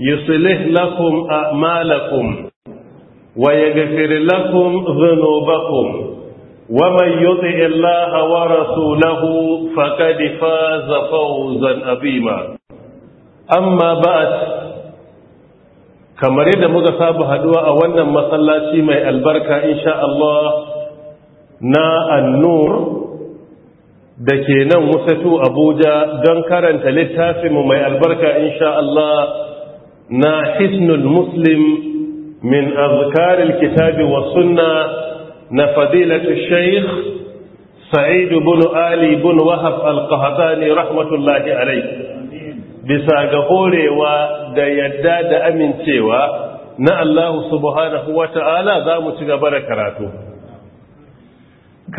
يصلح لكم أعمالكم ويغفر لكم ذنوبكم ومن يطع الله ورسوله فقد فاز فوزا عظيما أما بعد kamar yadda muka saba haduwa a wannan masallaci mai albarka insha Allah na annur da ke nan wasatu Abuja don karanta littafinmu mai albarka insha Allah ما حسن المسلم من أذكار الكتاب والسنة نفذيلة الشيخ سعيد بن آلي بن وهب القهباني رحمة الله عليه بساقفور ودياداد أمن سوى نا الله سبحانه وتعالى ذا متقبل كراته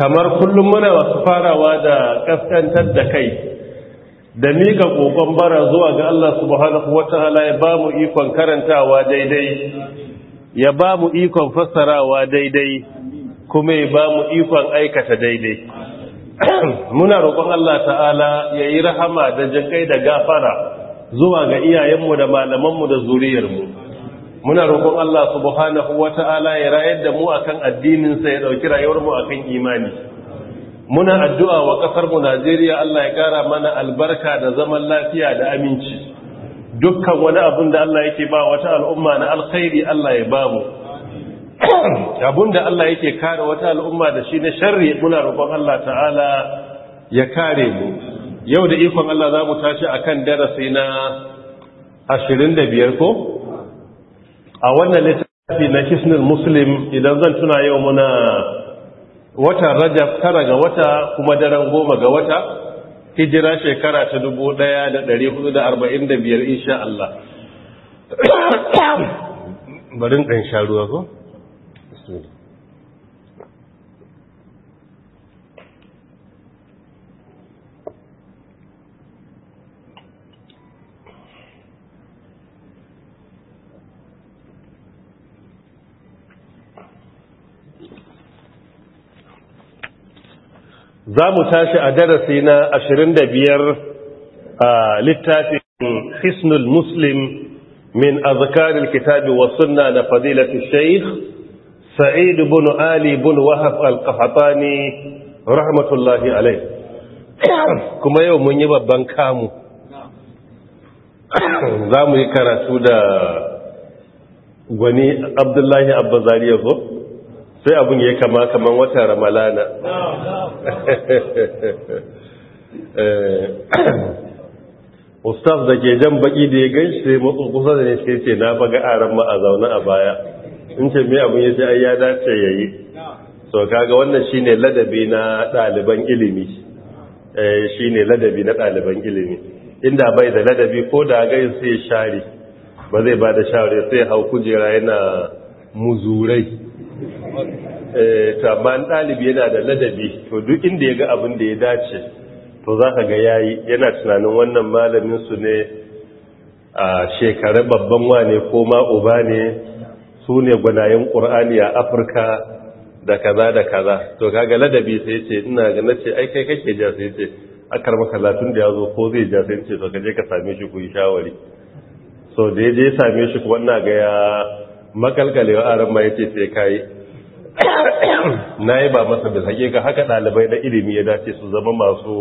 كمر كل من وصفار وذا قفتن تدكيه da mika kokon bara zuwa ga Allah subhanahu ta'ala ya bamu ikon karantawa daidai ya bamu ikon fassarawa daidai kuma ya bamu ikon aikata daidai muna roƙon Allah ta'ala ya yi rahama da jinkai da gafara zuwa ga iyayenmu da malamanmu da zuriyarmu muna roƙon Allah subhanahu ta'ala ya rayar da mu akan addininsa sa ya dauki rayuwar mu akan imani muna addu'a wa ƙasarmu Najeriya Allah ya ƙara mana albarka da zaman lafiya da aminci dukkan wani abin da Allah yake ba wata al'umma na alkhairi Allah ya ba mu abin da Allah yake kare wata al'umma da shi na sharri muna rukun Allah ta'ala ya kare mu yau da ikon Allah za mu tashi a kan darasi na 25 ko a wannan littafi na kisnin muslim idan zan tuna yau muna Wata rajab tara ga wata kuma daren goma ga wata hijira shekara ta dubu da da hudu arba'in biyar insha Allah barin ɗan sha ruwa ko? bismillah za mu tashi a darasi na 25 a littafin hisnul muslim min azkaril kitabi wa sunna na fadilati shaykh sa'id ibn ali ibn wahab al-qahtani rahmatullahi alayh kuma yau mun yi babban kamu za mu yi karatu da gwani abdullahi Zariya yazo sai abin ya kama kaman wata ramalana eh, ustaz da ke jan baki da ya ganshi sai matsu kusa da ne shi ce na baga aran ma a zaune a baya in ce mai abin ya ce ai ya dace ya yi so kaga wannan shine ladabi na ɗaliban ilimi eh, Shi ne ladabi na ɗaliban ilimi inda bai da ladabi ko da gai sai share ba zai ba da share sai hau kujera yana muzurai Eh, taban ɗalibi yana da ladabi to duk inda ya ga abin da ya dace to za ka ga yayi yana tunanin wannan malaminsu ne a shekarar babban wane ko ma'uba ne su ne gwanayen ƙur'ani a afirka da kaza da kaza to kaga ladabi sai ce ina ga na ce aikai kake ja sai ce akar makalatun da ya zo ko zai ja sai ce to ka je ka same shi ku yi shawari so da ya je same shi kuma wannan ga ya makalkalewa aran ma yace sai kai nayi ba masa bil hakika haka dalibai da ilimi ya dace su zama masu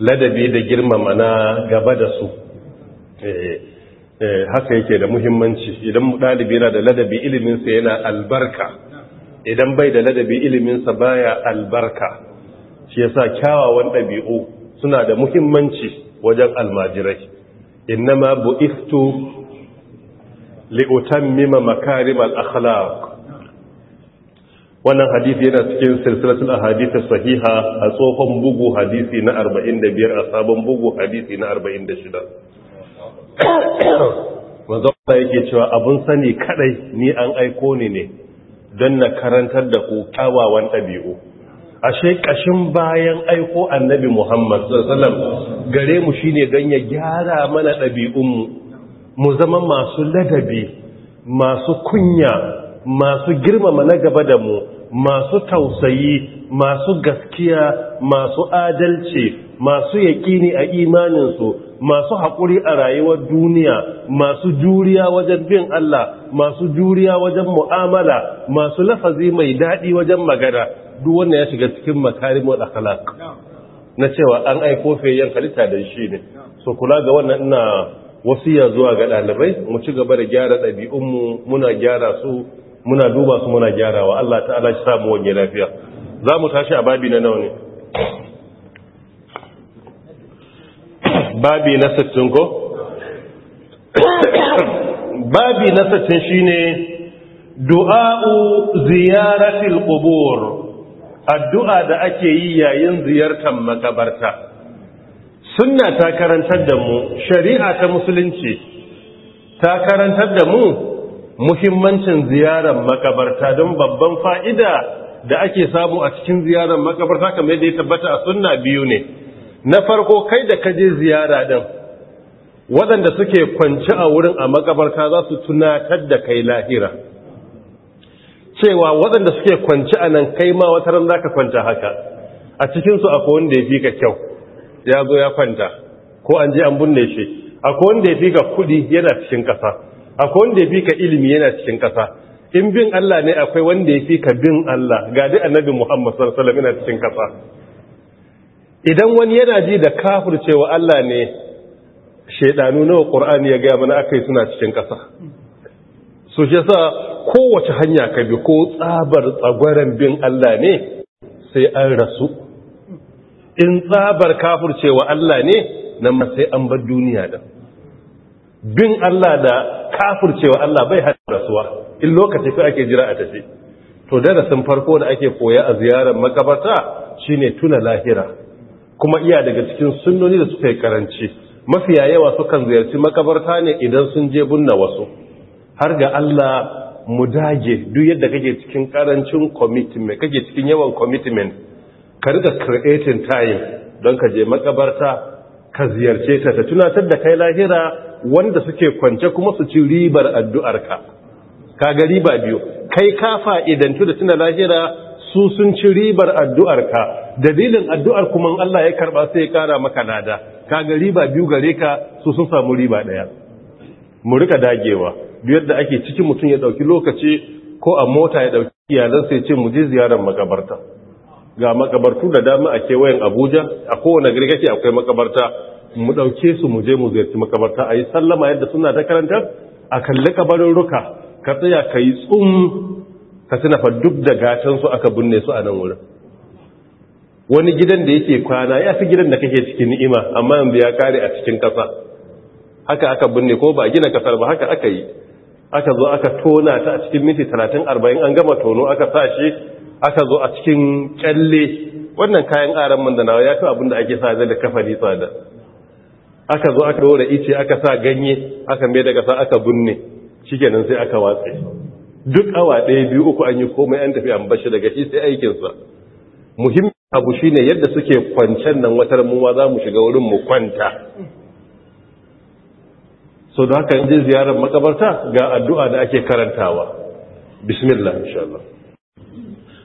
ladabi da girmama na gaba da su eh, eh, haka yake da muhimmanci idan dalibi yana da ladabi iliminsa yana albarka idan bai da ladabi iliminsa baya albarka shi yasa kyawawan ɗabi'u suna da muhimmanci wajen almajirai innama bu'iftu li'utammima makarimal akhlaq wannan hadisi yana cikin silsilatul ahadith sahiha a tsohon bugu hadisi na 45 a sabon bugu hadisi na 46 manzo Allah yake cewa abun sani kadai ni an aiko ni ne don na karantar da ku kawawan ɗabi'u ashe kashin bayan aiko annabi Muhammad sallallahu alaihi wasallam gare mu shine dan ya gyara mana mu. mu zama masu ladabi masu kunya masu girmama na gaba da mu masu tausayi masu gaskiya masu adalci masu yaƙini a imaninsu masu haƙuri a rayuwar duniya masu juriya wajen bin Allah masu juriya wajen mu'amala masu lafazi mai daɗi wajen magana duk wanda ya shiga cikin makarimul akhlaq na cewa an aiko fayyan halitta da shi ne so kula ga wannan ina wasiya zuwa ga ɗalibai mu ci gaba da gyara ɗabi'unmu muna gyara su muna duba su muna gyarawa Allah ta'ala shi samu wani lafiya za mu tashi a babi na nawa ne babi na sittin ko babi na shi shine du'a'u ziyaratil qubur addu'a da ake yi yayin ziyartar makabarta sunna ta karantar da mu shari'a ta musulunci ta karantar da mu muhimmancin ziyarar makabarta don babban fa'ida da ake samu a cikin ziyarar makabarta kamar yadda ya tabbata a sunna biyu ne na farko kai da kaje ziyara din waɗanda suke kwanci a wurin a makabarta za su tunatar da kai lahira cewa waɗanda suke kwanci a nan kai ma wata ran za ka kwanta haka a cikinsu akwai wanda ya fi ka kyau ya zo ya kwanta ko an je an binne shi akwai wanda ya fi ka kuɗi yana cikin ƙasa akwai wanda ya fi ka ilimi yana cikin kasa in bin Allah ne akwai wanda ya fi ka bin Allah ga dai annabi Muhammad sallallahu alaihi wasallam yana cikin ƙasa idan wani yana ji da cewa Allah ne shedanu nawa Qur'ani ya ga mana akai suna cikin ƙasa so shi yasa kowace hanya ka bi ko tsabar tsagwaran bin Allah ne sai an rasu in tsabar kafurcewa Allah ne nan ma sai an bar duniya da bin Allah da kafurcewa Allah bai hada rasuwa in lokaci fi ake jira a tafi to sun farko da ake koya a ziyarar makabarta shine tuna lahira kuma iya daga cikin sunnoni da suka yi karanci mafiya yawa sukan ziyarci makabarta ne idan sun je bunna wasu har ga Allah mu dage duk yadda kake cikin karancin commitment kake cikin yawan commitment ka riga creating time don ka je makabarta ka ziyarce ta ta tunatar da kai lahira wanda suke kwance kuma su ci ribar addu'arka ka ga riba biyu kai ka tu da tuna lahira su sun ci ribar addu'arka dalilin addu'ar kuma Allah ya karba sai ya kara maka nada ka ga riba biyu gare ka su sun samu riba ɗaya mu rika dagewa duk yadda ake cikin mutum ya ɗauki lokaci ko a mota ya ɗauki iyalansa ya ce mu je ziyarar makabarta ga makabartu da dama a kewayen abuja a kowane gari akwai makabarta mu ɗauke su mu je mu ziyarci makabarta a yi sallama yadda suna ta karantar a kalli kabarin ruka ka tsaya ka yi tsum ka fa duk da gatan su aka binne su a nan wurin wani gidan da yake kwana ya fi gidan da kake cikin ni'ima amma yanzu ya kare a cikin ƙasa haka aka binne ko ba gina kasar ba haka aka yi aka zo aka tona ta a cikin minti talatin arba'in an gama tono aka sa shi aka zo a cikin kyalle wannan kayan ƙaran mandana ya fi abinda ake sa da kafari tsada aka zo aka dora ice aka sa ganye aka mai daga sa aka binne shikenan sai aka watse duk awa ɗaya biyu uku an yi komai an tafi an bashi daga shi sai aikinsa muhimmin abu shine yadda suke kwancen nan watar za mu shiga wurin mu kwanta so da haka je ziyarar makabarta ga addu'a da ake karantawa bismillah inshallah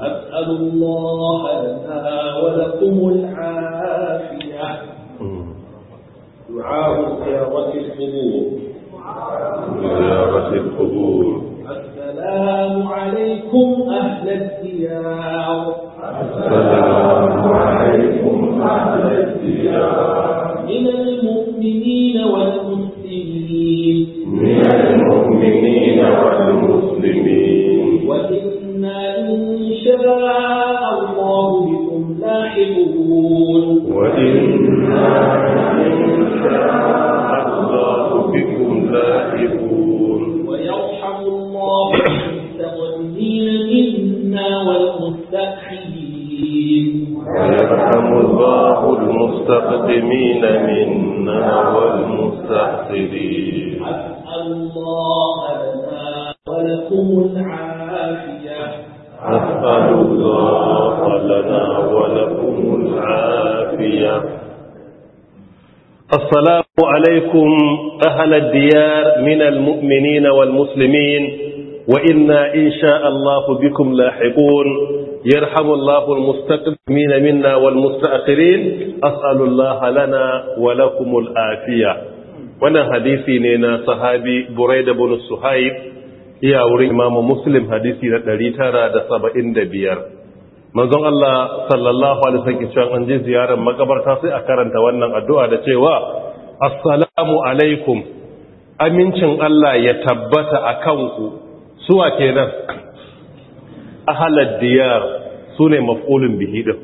أسأل الله لنا ولكم العافية دعاء زيارة القبور زيارة القبور السلام عليكم أهل الديار السلام عليكم أهل الديار من المؤمنين والمسلمين من المؤمنين والمسلمين شفاء الله بكم لاحقون وإنا إن الله بكم لاحقون ويرحم الله المستغنين منا والمستأخرين ويرحم الله المستقدمين منا والمستأخرين أسأل الله لنا ولكم العافية أسأل الله لنا ولكم العافية السلام عليكم أهل الديار من المؤمنين والمسلمين وإنا إن شاء الله بكم لاحقون يرحم الله المستقدمين منا والمستأخرين أسأل الله لنا ولكم العافية وانا حديثي ne صحابي sahabi بن bin iya wurin imamu muslim hadisi na 975 manzon Allah sallallahu alaihi wasallam cewa an je ziyarar makabarta sai a karanta wannan addu'a da cewa assalamu alaikum amincin Allah ya tabbata a kanku suwa kenan ahalad diyar sune maf'ulun bihi din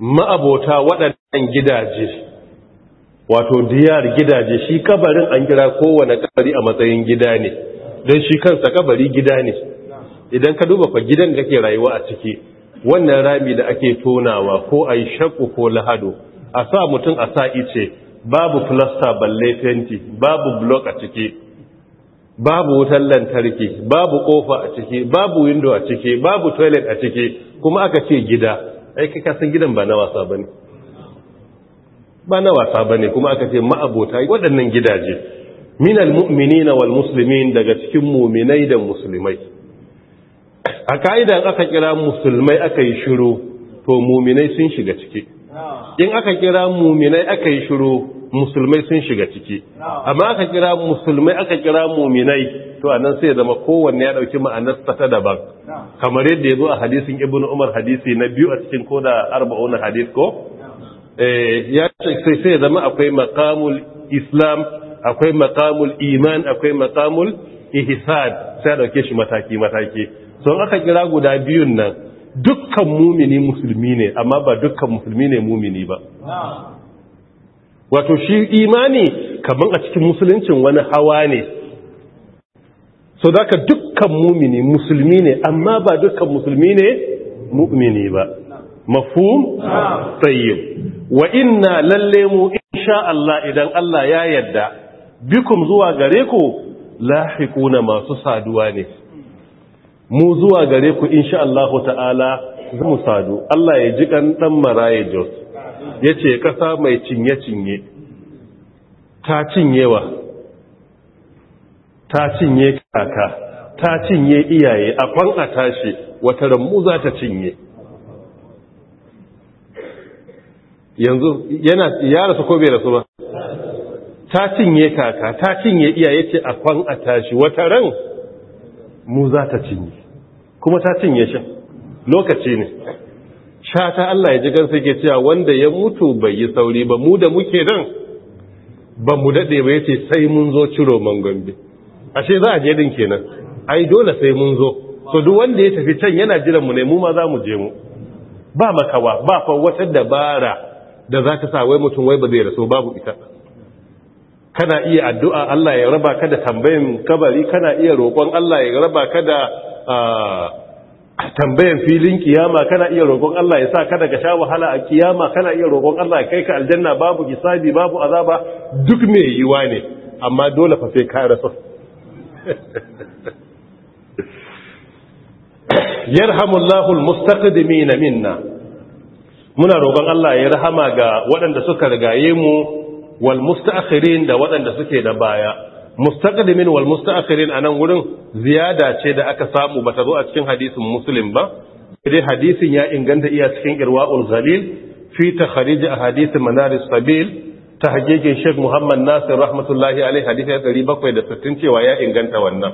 ma'abota waɗannan gidaje wato diyar gidaje shi kabarin an kira kowane kabari a matsayin gida ne don shi kansa kabari gida ne idan ka duba fa gidan da ke rayuwa a ciki wannan rami da ake tonawa ko a yi shakku ko lahado a sa mutum a sa ice babu filasta balle fenti babu blok a ciki babu wutan lantarki babu kofa a ciki babu window a ciki babu toilet a ciki kuma aka ce gida aiki kasan gidan ba na wasa ba ne ba na wasa ba ne kuma aka ce ma'abota waɗannan gidaje minal mu'minina wal muslimin daga cikin muminai da musulmai a ka'idan aka kira musulmai aka yi shiru to muminai sun shiga ciki in aka kira muminai aka yi shiru musulmai sun shiga ciki amma aka kira musulmai aka kira muminai to anan sai zama kowanne ya dauki ma'anar ta daban kamar yadda yazo a hadisin ibnu umar hadisi na biyu a cikin koda 40 hadis ko eh ya sai sai zama akwai maqamul islam akwai maqamul iman akwai maqamul ihsan sai dauke shi mataki mataki so aka kira guda biyun nan dukkan mumini musulmi ne amma ba dukkan musulmi ne mumini ba wato shi imani kaman a cikin musuluncin wani hawa ne so da dukkan mumini musulmi ne amma ba dukkan musulmi ne mu'mini ba mafhum tayyib wa inna lalle mu insha Allah idan Allah ya yarda bikum zuwa gare ku lahiquna masu saduwa ne mu zuwa gare ku insha Allah ta'ala zamu sadu Allah ya ji kan dan maraye Jos yace kasa mai cinye cinye ta cinyewa ta cinye kaka ta cinye iyaye a kwan a tashi wata ramu za ta cinye yanzu yana ya rasu ko bai rasu ba ta cinye kaka ta cinye iyaye ce a kwan a tashi wata ran mu za ta cinye kuma ta cinye shi lokaci ne sha ta Allah ya ji gansa ke cewa wanda ya mutu bai yi sauri ba mu da muke nan ba mu daɗe ba ya sai mun zo ciro mangombe ashe za a je din kenan ai dole sai mun zo so duk wanda ya tafi can yana jiran mu ne mu ma za mu je mu ba makawa ba fa wata dabara da za ta sa wai mutum wai ba zai rasu babu ita kana iya addu'a Allah ya raba ka da tambayin kabari kana iya roƙon Allah ya raba ka da tambayin filin kiyama kana iya roƙon Allah ya sa ka daga sha wahala a kiyama kana iya roƙon Allah ya kai ka aljanna babu hisabi babu azaba duk mai yiwa ne amma dole fa sai ka rasu yarhamullahu almustaqdimina minna muna roƙon Allah ya rahama ga waɗanda suka rigaye mu wal da waɗanda suke da baya mustaqdimin wal a anan gurin ziyada ce da aka samu bata zo a cikin hadisin muslim ba dai hadisin ya inganta iya cikin irwaul ghalil fi takhrij ahadith manaris sabil tahqiqin sheikh muhammad nasir rahmatullahi alaihi hadisi 760 cewa ya inganta wannan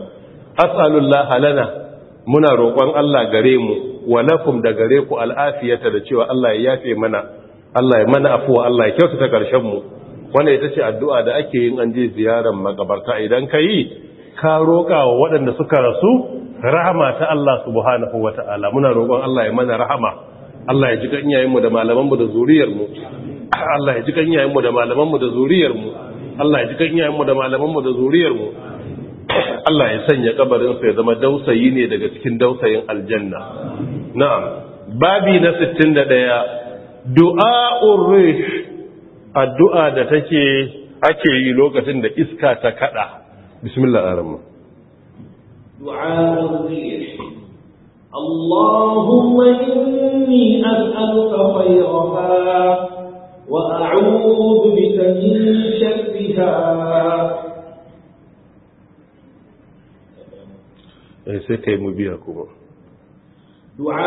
as'alullah lana muna roƙon Allah gare mu wa lakum da gare ku al'afiyata da cewa Allah ya yafe mana Allah ya mana afuwa Allah ya kyautata karshen mu wanda ita ce addu'a da ake yin an je ziyarar makabarta idan ka yi ka roƙa wa waɗanda suka rasu rahama ta Allah subhanahu wa ta'ala muna roƙon Allah ya mana rahama Allah ya ji kan mu da malamanmu da zuriyarmu Allah ya ji kan mu da malamanmu da zuriyarmu Allah ya ji kan mu da malamanmu da zuriyarmu Allah ya sanya kabarin sa ya zama dausayi ne daga cikin dausayin aljanna na'am babi na 61 du'a urrish addu'a da take ake yi lokacin da iska ta kada bismillah arama du'a Allahumma inni as'aluka khayraha wa a'udhu bika min sharriha eh sai kai mu biya kuma du'a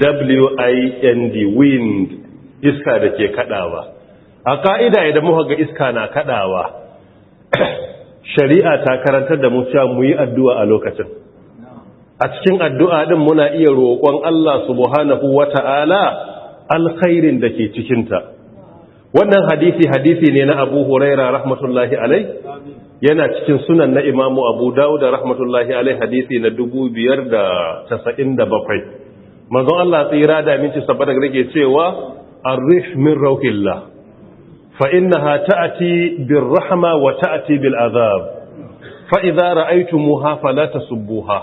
w-i-n-d wind iska da ke kadawa a ka'ida idan muka ga iska na kadawa shari'a ta karantar da mu cewa mu yi addu'a a lokacin a cikin addu'a din muna iya roƙon Allah subhanahu wata'ala alkhairin da ke cikin ta wannan hadisi hadisi ne na Abu Huraira rahmatullahi alai yana cikin sunan na Imam Abu Dawud rahmatullahi alai hadisi na 597 manzon Allah tsira da minci saboda rage cewa arrih min rauhillah fa innaha ta'ati bir rahma wa ta'ati bil azab fa idza ra'aytumuha fala tasubbuha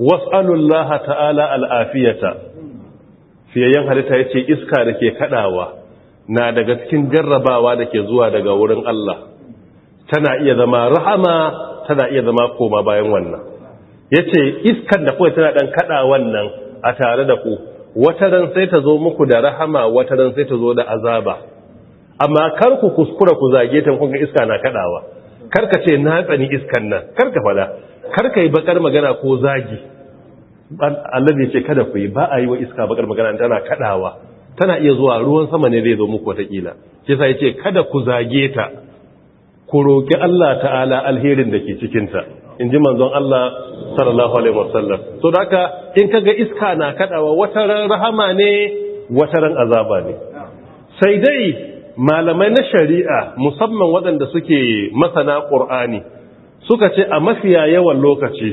was'alu Allah ta'ala al afiyata fiyayen halitta yace iska dake kadawa na daga cikin jarrabawa dake zuwa daga wurin Allah tana iya zama rahama tana iya zama koma bayan wannan yace iskan da kawai tana dan kada wannan a tare da ku wata ran sai ta zo muku da rahama wata ran sai ta zo da azaba amma kar ku kuskura ku zage ta kun ga iska na kadawa kar ka ce na tsani iskan nan kar ka fada kar ka bakar magana ko zagi Allah ne ce kada ku yi ba a yi wa iska bakar magana tana kadawa tana iya zuwa ruwan sama ne zai zo muku wata kila shi ya ce kada ku zage ta ku roki Allah ta'ala alherin da ke cikin ta in ji manzon Allah sallallahu alaihi wasallam so da in kaga iska na kadawa wata ran rahama ne wata ran azaba ne sai dai malamai na shari'a musamman waɗanda suke masana ƙur'ani, suka ce a mafiya yawan lokaci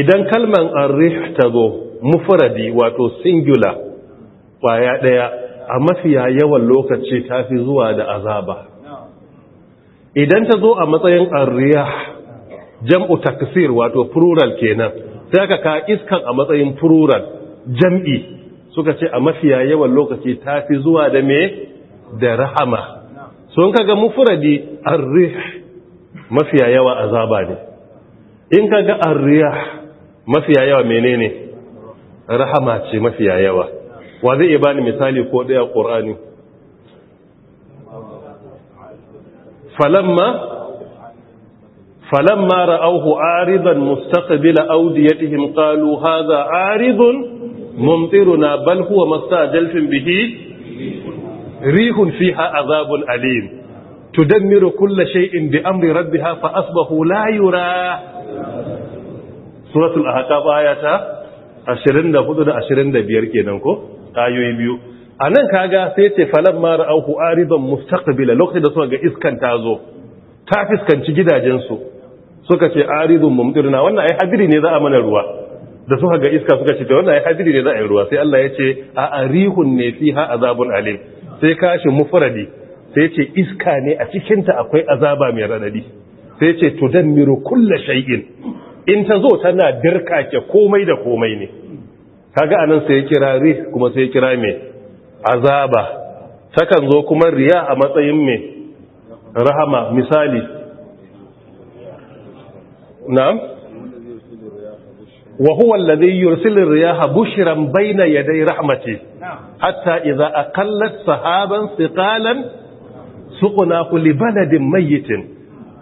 idan kalman arrih ta zo mufradi wato singular kwaya ɗaya, a mafiya yawan lokaci ta fi zuwa da azaba idan ta zo a matsayin arriyah jam'u taksir wato plural kenan sai aka ka iskan a matsayin plural jam'i suka ce a mafiya yawan lokaci ta fi zuwa da me da rahama sun kaga mufuradi arrih mafiya yawa azaba ne in kaga arrih mafiya yawa menene rahama ce mafiya yawa wa zai bani misali ko daya qur'ani falamma فلما رأوه عارضا مستقبل أوديتهم قالوا هذا عارض ممطرنا بل هو ما به ريح فيها عذاب أليم تدمر كل شيء بأمر ربها فأصبحوا لا يرى سورة الأحقاب آياتا 24 da 25 kenan ko ayoyi biyu anan kaga sai ce falamma ra'ahu aridan mustaqbila lokacin da suka ga iskan tazo ta fiskanci gidajensu suka ce aridun mumtirna wannan ai hadiri ne za a mana ruwa da suka ga iska suka ce wannan ai hadiri ne za a yi ruwa sai Allah ya ce a arihun ne fiha azabun alim sai kashi mufradi sai ce iska ne a cikin ta akwai azaba mai radadi sai ce tudammiru kullu shay'in in ta zo tana dirkake komai da komai ne kaga anan sai ya kira rih kuma sai ya kira me azaba takan zo kuma riya a matsayin me rahama misali na'am wa huwa alladhi yursilu riyaha bushran bayna yaday rahmati hatta idza aqallat sahaban thiqalan suqnahu li baladin mayyitin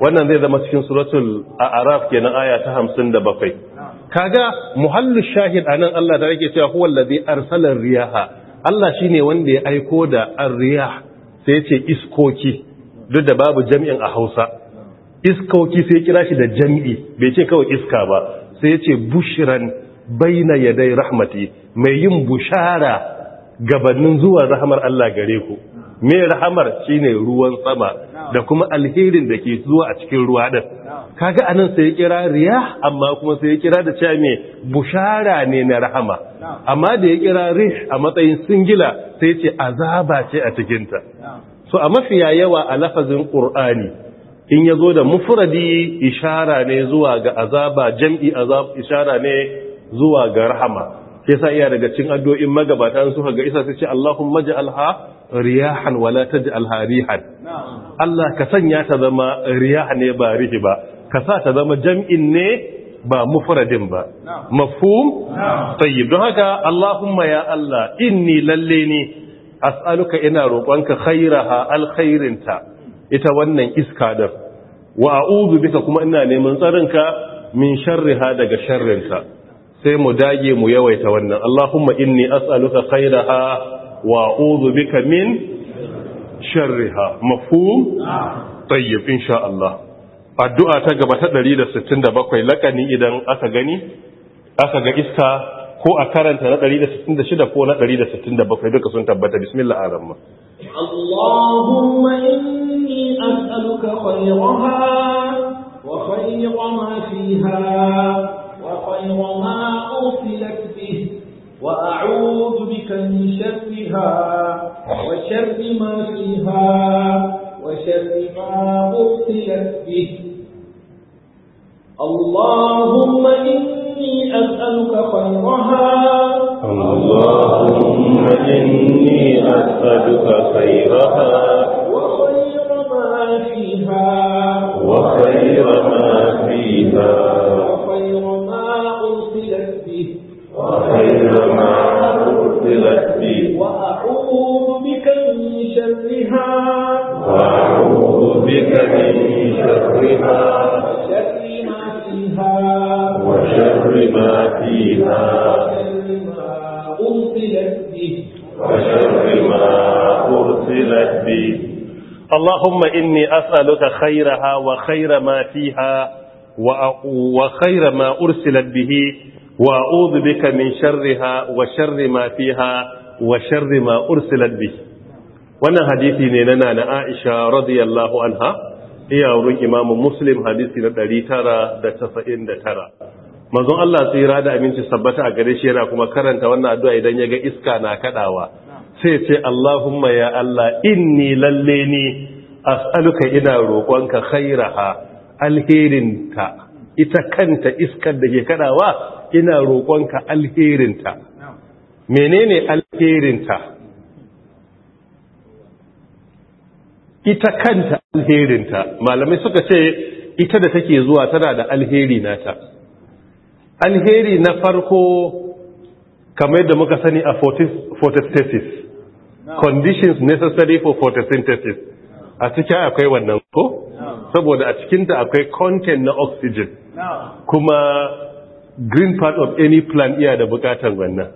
wannan zai zama cikin suratun suratul a'raf kenan aya ta hamsin da bakwai. kaga muhallu shahid anan Allah da yake cewa huwa alladhi arsala riyaha Allah shine wanda ya aiko da ar-riyah sai ya ce iskoki duk da babu jami'in a Hausa iskoki sai ya kira shi da jam'i bai ce kawai iska ba sai ya ce bushran baina yadai rahmati mai yin bushara gabanin zuwa rahamar Allah gare ku mai rahamar shine ruwan sama da kuma alherin da ke zuwa a cikin ruwa ɗin kaga anan sai ya kira riya amma kuma sai ya kira da cewa mai bushara ne na rahama amma da ya kira rih a matsayin singila sai ce azaba ce a cikinta ta so a mafiya yawa a lafazin qur'ani in ya zo da mufuradi ishara ne zuwa ga azaba jam'i azab ishara ne zuwa ga rahama ke sa iya daga cin addu'o'in magabata suka ga isa su ce Allahumma ja'alha riyahan wala taj'alha rihan Allah ka sanya ta zama riyahan ne ba rihi ba ka sa ta zama jam'in ne ba mufradin ba mafhum tayyib don haka Allahumma ya Allah inni lalle ni as'aluka ina roƙonka khairaha alkhairinta ita wannan iska din wa a'udhu bika kuma ina neman tsarinka min sharriha daga sharrinta sai mu dage mu yawaita wannan Allahumma inni as'aluka khairaha wa a'udhu bika min sharriha mafhum tayyib insha Allah addu'a ta gaba ta 167 lakani idan aka gani aka ga iska ko a karanta na 166 ko na 167 duka sun tabbata bismillah arrahman Allahumma inni أسألك خيرها وخير ما فيها وخير ما أرسلت به وأعوذ بك من شرها وشر ما فيها وشر ما أرسلت به اللهم إني أسألك خيرها اللهم إني أسألك خيرها وخير وخير وخير ما ما ما ما ما ما فيها فيها أرسلت أرسلت أرسلت أرسلت به به به وأعوذ وأعوذ بك بك من من شرها شرها وشر وشر وشر به اللهم إني أسألك خيرها وخير ما فيها وخير ما أرسلت به وأعوذ بك من شرها وشر ما فيها وشر ما أرسلت به wannan hadisi ne na nana Aisha radiyallahu anha iya wurin Imam Muslim hadisi na 999 manzon Allah tsira da aminci sabbata a gare shi yana kuma karanta wannan addu'a idan ya ga iska na kadawa sai ce Allahumma ya Allah inni lalle ni as'aluka ina roƙonka khairaha alherinta ita kanta iskar da ke kadawa ina roƙonka alherinta menene alherinta ita kanta alherinta malamai suka ce ita da take zuwa tana da alheri nata alheri na farko kamar yadda muka sani a photosynthesis conditions necessary for photosynthesis a cikin akwai wannan ko saboda a cikinta akwai content na oxygen kuma green part of any plant iya da bukatan wannan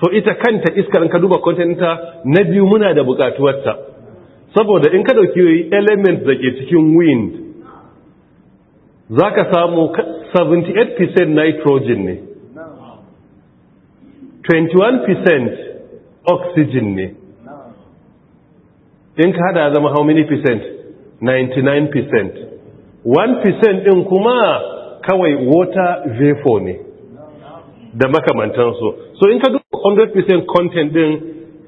so ita kanta iskar ka duba ta na biyu muna da bukatuwarta saboda in ka dauki elements da ke cikin wind za ka samu 78% nitrogen ne 21% oxygen ne in ka hada zama how many percent 99 percent 1 percent din kuma kawai water vapor ne da makamantansu so in ka duk 100 percent content din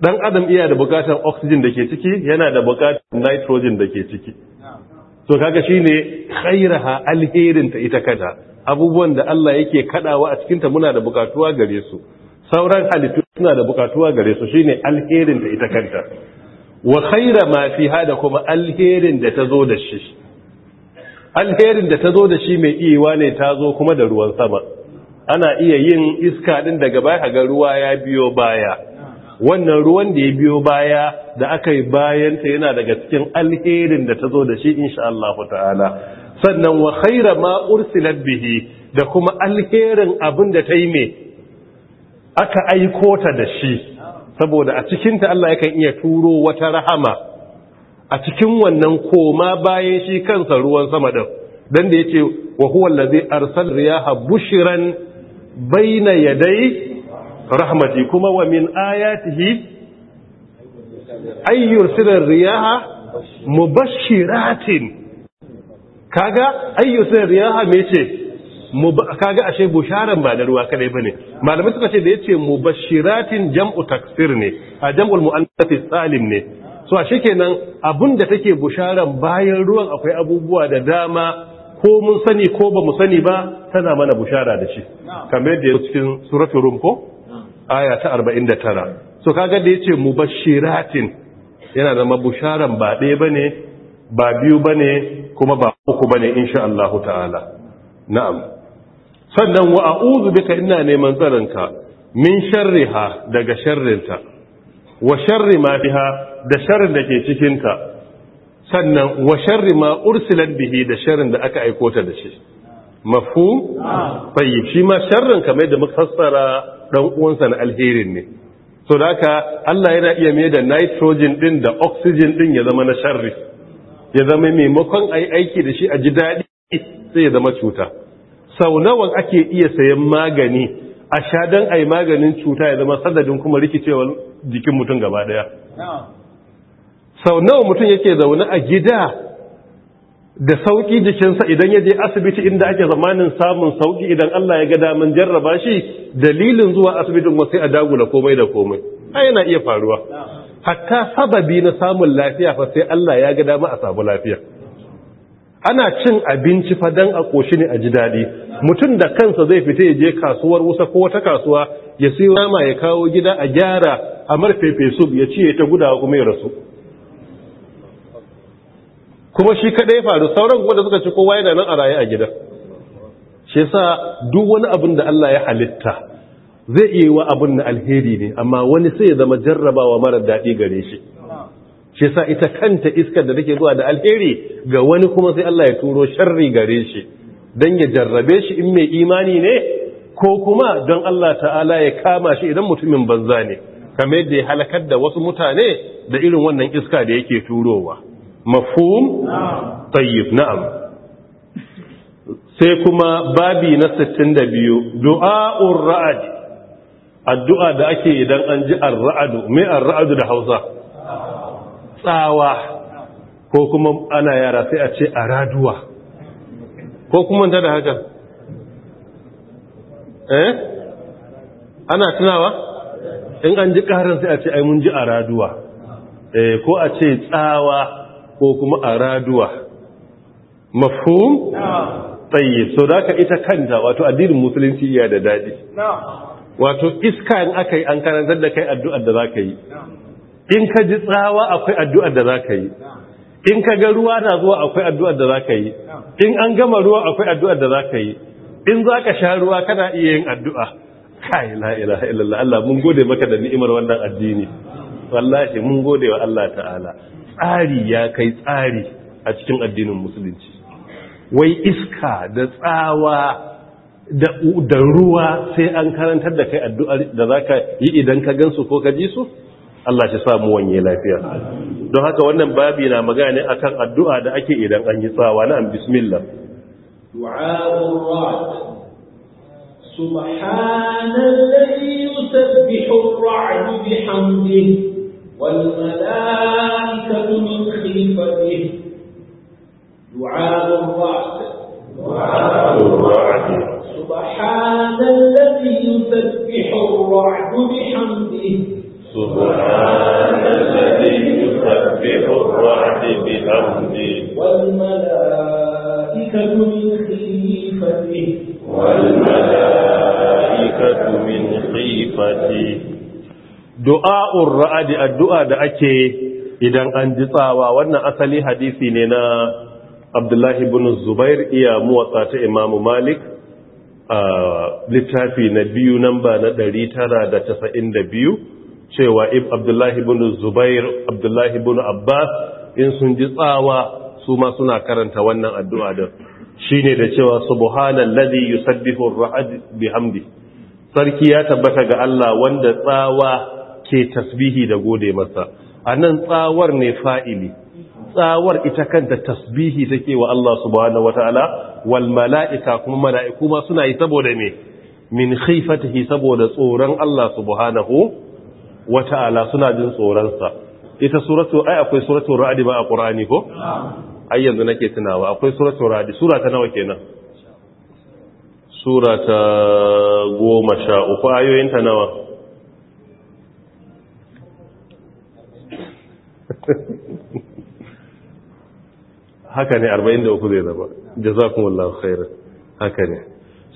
dan adam iya da bukatar oxygen da ke ciki yana da bukatar nitrogen da ke ciki so kaga shine khairaha alherin ta ita kada abubuwan da Allah yake kadawa a cikinta muna da bukatuwa gare su sauran halittu suna da bukatuwa gare su shine alherin da ita kanta wa khaira ma fiha da kuma alherin da tazo da shi alherin da tazo da shi mai iyawa ne tazo kuma da ruwan sama ana iya yin iska din daga baya ga ruwa ya biyo baya wannan ruwan da ya biyo baya da aka yi bayanta yana daga cikin alherin da tazo da shi insha Allah ta'ala sannan wa khaira ma ursilat bihi da kuma alherin abin da ta yi mai aka aiko ta da shi saboda a cikinta Allah yakan iya turo wata rahama a cikin wannan koma bayan shi kansa ruwan sama din dan da yace wa huwa allazi arsal riyaha bushran baina yaday rahmati kuma wa min ayatihi ayyursila riyaha mubashiratin kaga ayyursila riyaha me ce kaga ashe busharan ba da ruwa kadai bane malamai suka ce da yace mubashiratin jam'u taksir ne a jam'ul muannath salim ne so ashe kenan da take busharan bayan ruwan akwai abubuwa da dama ko mun sani ko ba mu sani ba tana mana bushara da shi kamar da cikin suratul rum ko aya ta 49 so kaga da yace mubashiratin yana zama busharan ba ɗaya bane ba biyu bane kuma ba uku bane insha Allah ta'ala na'am sannan wa a'udhu bika ina neman ka min sharriha daga sharrinta wa sharri ma biha da sharrin da ke cikin ta sannan wa sharri ma ursilat bihi da sharrin da aka aiko ta da shi mafhum tayyib shi ma sharrin kamar da muka fassara dan uwansa na alherin ne so da Allah yana iya mai da nitrogen din da oxygen din ya zama na sharri ya zama maimakon ai aiki da shi a ji dadi sai ya zama cuta sau nawan ake iya sayan magani a sha don a yi maganin cuta ya zama sadadin kuma rikicewar jikin mutum gaba daya sau nawa mutum yake zaune a gida da sauki jikinsa idan ya je asibiti inda ake zamanin samun sauki idan Allah ya ga daman jarraba shi dalilin zuwa asibitin wasu a dagula komai da komai A yana iya faruwa hatta sababi na samun lafiya fa sai Allah ya ga dama a samu lafiya ana cin abinci fa dan a koshi ne a ji dadi mutum da kansa zai fita ya je kasuwar wusa ko wata kasuwa ya siyo nama ya kawo gida a gyara a marfefe su ya ci ta gudawa kuma ya rasu kuma shi kadai faru sauran kuma suka ci kowa yana nan a raye a gida shi yasa duk wani abin da Allah ya halitta zai iya wa abun na alheri ne amma wani sai ya zama jarrabawa mara dadi gare shi shi sa ita kanta iskar da take zuwa da alheri ga wani kuma sai Allah ya turo sharri gare shi dan ya jarrabe shi in mai imani ne ko kuma don Allah ta'ala ya kama shi idan mutumin banza ne kamar yadda ya halakar da wasu mutane da irin wannan iska da yake turowa mafhum tayyib na'am sai kuma babi na 62 du'a'ur ra'ad addu'a da ake idan an ji ar-ra'd me ar da Hausa tsawa ko kuma ana yara sai a ce a raduwa ko kuma ta da hakan eh ana tunawa in an ji karin sai a ce ai mun ji a raduwa eh ko a ce tsawa ko kuma a raduwa mafhum tsaye so da ita kanta wato addinin musulunci iya da dadi wato iska in aka yi an karantar da kai addu'ar da za ka yi in ka ji tsawa akwai addu'a da za ka yi in ka ga ruwa na zuwa akwai addu'a da za ka yi in an gama ruwa akwai addu'a da za ka yi in za ka sha ruwa kana iya yin addu'a kai la’ila illallah Allah mun gode maka da ni'imar wannan addini wallahi mun gode wa Allah ta'ala tsari ya kai tsari a cikin addinin musulunci wai iska da tsawa da ruwa sai an karantar da kai addu'ar da za ka yi idan ka gansu ko ka ji su? Allah sa mu wanye lafiya don haka wannan babi na magana akan addu'a da ake idan an yi tsawa na bismillah du'a'ur ra'd subhanallazi yusabbihu ar-ra'd bihamdihi wal malaikatu min khifatihi du'a'ur ra'd du'a'ur ra'd subhanallazi yusabbihu ar-ra'd bihamdihi سبحان الذي يسبح الرعد بحمده والملائكة من خيفته والملائكة من خيفته دعاء الرعد الدعاء da ake idan an ji tsawa wannan asali hadisi ne na Abdullahi ibn Zubair iya muwatsa ta Imam Malik a littafi na biyu namba na 992 cewa ib abdullahi bin zubair abdullahi bin abbas in sun ji tsawa su ma suna karanta wannan addu'a din shine da cewa subhanallazi yusabbihu ar-ra'd bihamdi sarki ya tabbata ga Allah wanda tsawa ke tasbihi da gode masa anan tsawar ne fa'ili tsawar ita kanta tasbihi take wa Allah subhanahu wataala wal mala'ika kuma mala'iku ma suna yi saboda me min khifatihi saboda tsoron Allah subhanahu wa ta'ala suna jin tsoronsa ita suratu ai akwai suratu ra'd ba a qur'ani ko ai yanzu nake tunawa akwai suratu ra'd sura ta nawa kenan sura ta goma uku ayoyin ta nawa haka ne 43 zai zaba jazakumullahu khairan haka ne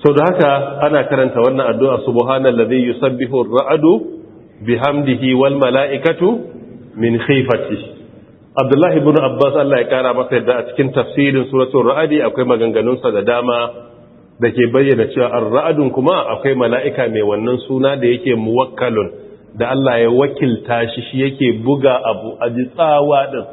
so da haka ana karanta wannan addu'a subhanallazi yusabbihu ar-ra'du bihamdihi wal mala'ikatu min khifati Abdullahi ibn Abbas Allah ya kara masa yadda a cikin tafsirin suratul ra'adi akwai maganganunsa da dama da ke bayyana cewa ar-ra'dun kuma akwai mala'ika mai wannan suna da yake muwakkalun da Allah ya wakilta shi shi yake buga abu a tsawa din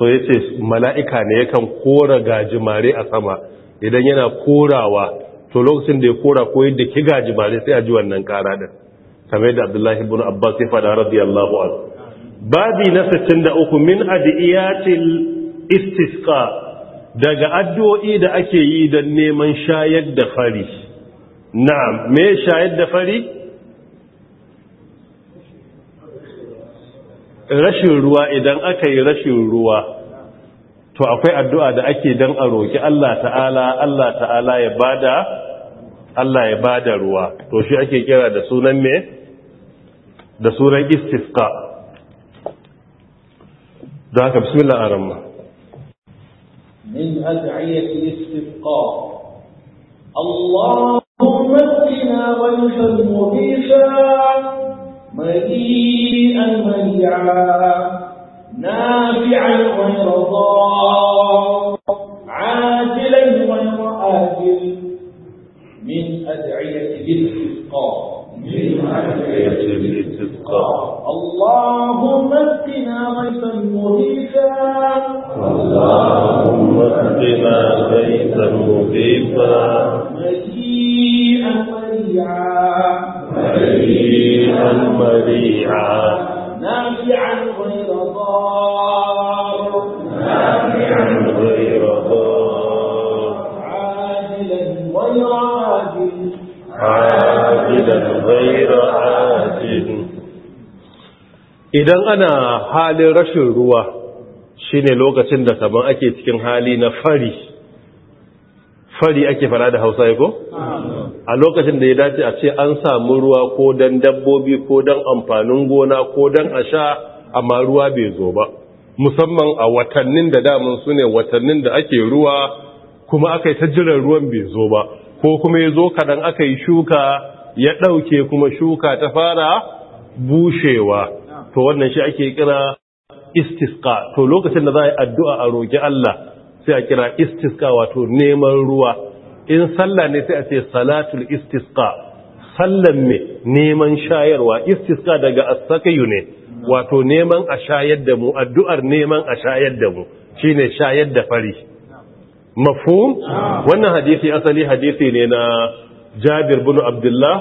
so yace mala'ika ne yakan kora gajimare a sama idan yana korawa to lokacin da ya kora ko yadda ki gajimare sai a ji wannan kara din kamar da abdullahi ibn abbas ya fada radiyallahu an babi na 63 min adiyatil istisqa daga addu'o'i da ake yi don neman shayar da fari na'am me shayar da fari rashin ruwa idan aka yi rashin ruwa to akwai addu'a da ake don a roƙi Allah ta'ala Allah ta'ala ya bada Allah ya bada ruwa to shi ake kira da sunan me da sunan istisqa da haka bismillah aramma min ad'iyati istisqa اللهم اتنا غيثا مغيثا مليئا مليعا نافعا غير ضار اللهم اسقنا غيثا مغيثا اللهم اسقنا غيثا مغيثا مجيئا مريعا مريئا مريعا نافعا غير ضار idan ana halin rashin ruwa shine lokacin da kaban ake cikin hali na fari fari ake fara da hausa ya ko? a lokacin da ya dace a ce an samu ruwa ko don dabbobi ko don amfanin gona ko don a sha amma ruwa bai zo ba musamman a watannin da damun su ne watannin da ake ruwa kuma aka yi ta jiran ruwan bai zo ba ko kuma ya zo kaɗan aka yi shuka ya ɗauke kuma shuka ta fara bushewa to wannan shi ake kira istisqa to lokacin da za a yi addu'a a roƙi Allah sai a kira istisqa wato neman ruwa in sallah ne sai a ce salatul istisqa sallan me neman shayarwa istisqa daga asakayu ne wato neman a shayar da mu addu'ar neman a shayar da mu shine shayar da fari mafhum wannan hadisi asali hadisi ne na Jabir bin Abdullah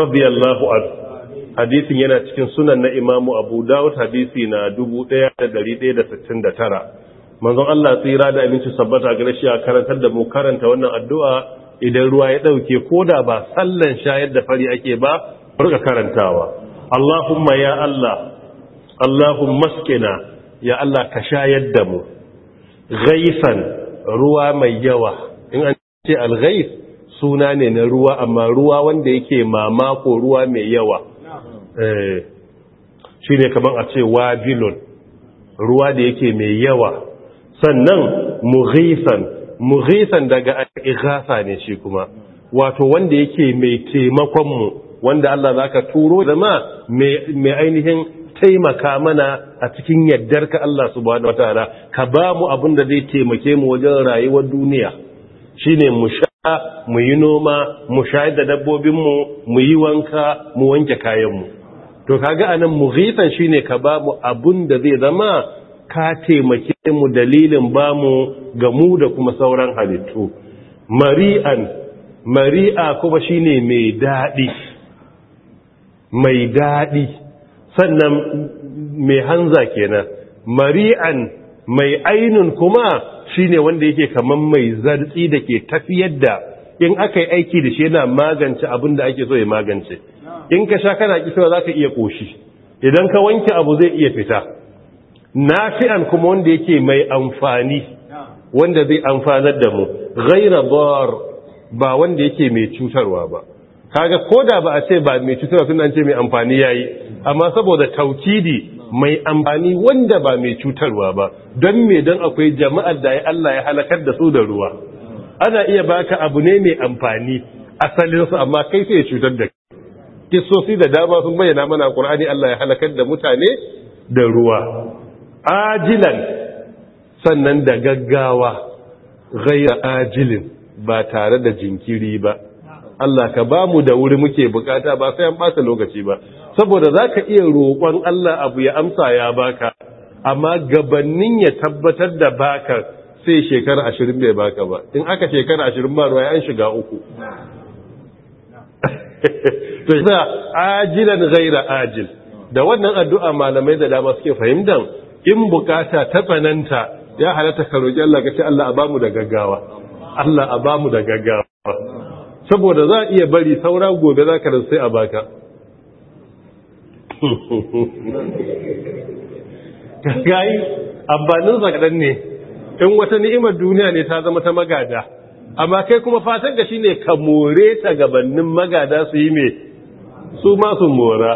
radiyallahu anhu hadisin yana cikin sunan na imamu abu dawud hadisi na 1169 manzon Allah tsira da abinci sabbata gare shi a karantar da mu karanta wannan addu'a idan ruwa ya dauke da ba sallan shayar da fari ake ba burka karantawa Allahumma ya Allah Allahumma maskina ya Allah ka shayar da mu ghaisan ruwa mai yawa in an ce al suna ne na ruwa amma ruwa wanda yake mamako ruwa mai yawa Eh, shi ne kamar a ce bilon ruwa da yake mai yawa sannan mughisan mughisan daga ikhasa ne shi kuma wato wanda yake mai taimakonmu wanda Allah za ka turo zama mai ainihin taimaka mana a cikin yaddarka Allah subhanahu wataala ka ba mu abin da zai taimake mu wajen rayuwar duniya shine mu sha mu yi noma mu shayar da dabbobinmu mu yi wanka mu wanke kayanmu to kaga anan mughithan shine ka ba mu abun da zai zama ka taimake mu dalilin bamu mu ga mu da kuma sauran halittu mari'an mari'a kuma shine mai dadi mai dadi sannan mai hanza kenan mari'an mai ainun kuma shine wanda yake kamar mai zartsi da ke tafiyar da in aka yi aiki da shi yana magance abin da ake so ya magance in ka sha kana kisa za ka iya ƙoshi idan ka wanke abu zai iya fita Na nafi'an kuma wanda yake mai amfani wanda zai amfanar da mu gaira bar ba wanda yake mai cutarwa ba kaga da ba a ce ba mai cutarwa suna an ce mai amfani yayi amma saboda taukidi mai amfani wanda ba mai cutarwa ba don me don akwai jama'ar da ya Allah ya halakar da su da ruwa ana iya baka abu ne mai amfani asalinsu amma kai sai ya cutar da kisosi da dama sun bayyana mana qur'ani Allah ya halakar da mutane da ruwa ajilan sannan da gaggawa ghayra ajilin ba tare da jinkiri ba Allah ka bamu da wuri muke bukata ba sai an bata lokaci ba saboda zaka iya roƙon Allah abu ya amsa ya baka amma gabannin ya tabbatar da baka sai shekara 20 bai baka ba in aka shekara 20 ba ruwa an shiga uku to shi ajilan ghaira ajil da wannan addu'a malamai da dama suke fahimtan in bukata ta tsananta ya halatta ka roki Allah ka ce Allah a bamu da gaggawa Allah a bamu da gaggawa saboda za iya bari saura gobe za ka sai a baka gayi amfanin zakadan ne in wata ni'imar duniya ne ta zama ta magada amma kai kuma fatan ka ne ka more ta gabanin magada su yi mai su ma mora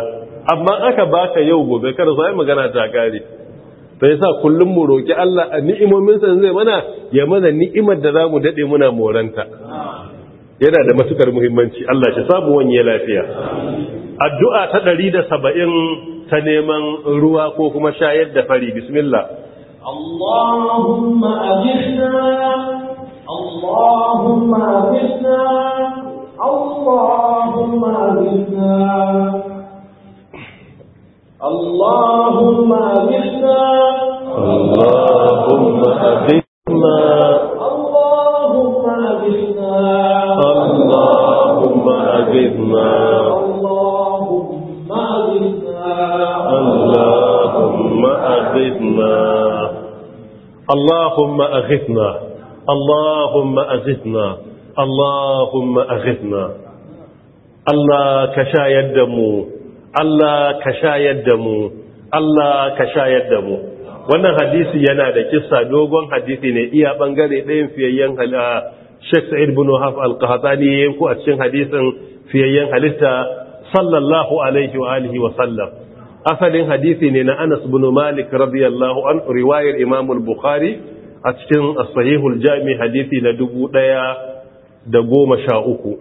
amma aka baka yau gobe kada su yi magana ta kare ta yasa kullum mu roki Allah a ni'imominsa zai mana ya mana ni'imar da zamu dade muna moranta yana da matukar muhimmanci Allah shi samu wani lafiya addu'a ta ɗari da saba'in ta neman ruwa ko kuma shayar da fari bismillah Allahumma ajirna اللهم اغثنا اللهم اغثنا اللهم اغثنا اللهم اغثنا اللهم اغثنا اللهم اغثنا اللهم اغثنا اللهم اغثنا اللهم اغثنا Allahumma Allahumma Allah ka اللهم أغثنا mu. Allah ka كشايد دمو mu. Allah ka الله كشايد mu. wannan hadisi yana da kissa dogon hadisi ne iya bangare ɗayan fiyayyen halitta Sheikh Sa'id bin Haf al-Qahtani ya yanku a cikin hadisin fiyayyen halitta sallallahu alaihi wa alihi wa sallam asalin hadisi ne na Anas bin Malik radiyallahu an riwayar Imam al-Bukhari a cikin asahihul jami hadisi na dubu ɗaya da goma sha uku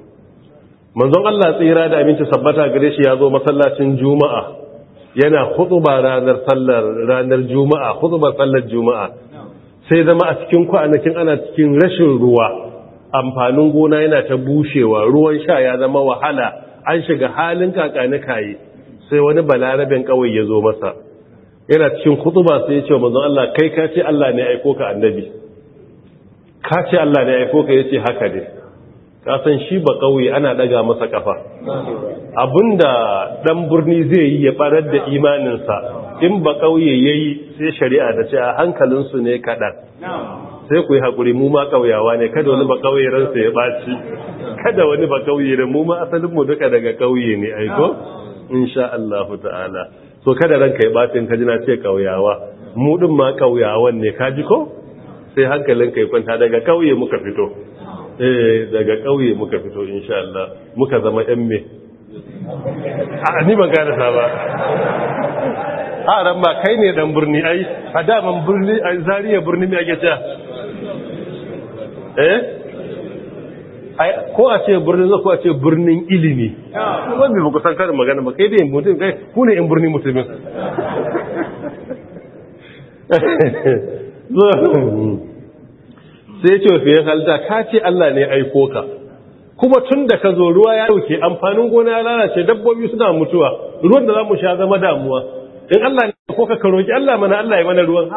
manzon Allah tsira da aminci sabbata gare shi ya zo masallacin juma'a yana hutuba ranar sallar ranar juma'a hutuba sallar juma'a sai zama a cikin kwanakin ana cikin rashin ruwa amfanin gona yana ta bushewa ruwan sha ya zama wahala an shiga halin kakani sai wani balarabin kawai ya zo masa yana cikin khutba sai ya ce manzon Allah kai ka ce Allah ne aiko ka annabi ka ce Allah ne aiko ka yace haka ne kasan shi ba kauye ana daga masa kafa abinda dan birni zai yi ya ɓarar da imaninsa in ba kauye yayi sai shari'a da ce a hankalin su ne kaɗan sai ku yi hakuri mu ma kauyawa ne kada wani ba kauye ransa ya baci kada wani ba kauye mu ma asalin mu duka daga ƙauye ne aiko insha Allah ta'ala so kada ranka ya bata ka ji na ce kauyawa mu din ma kauyawan ne ji ko sai hankalinka ya kwanta daga kauye muka fito eh daga kauye muka fito insha Allah muka zama ɗan me a ni ban gane sa ba a ran ba kai ne dan birni ai a daman birni ai zariya birni me ake cewa eh ko a ce birnin zai ko a ce birnin ilimi kuma bai kusan san karin magana ba kai dai mutum kai ku ne yan birnin musulmin sai ce fiye halitta ka ce Allah ne aiko ka kuma tun da ka zo ruwa ya dauke amfanin gona ya lalace dabbobi suna mutuwa ruwan da za mu sha zama damuwa in Allah ne ko ka karoki Allah mana Allah ya mana ruwan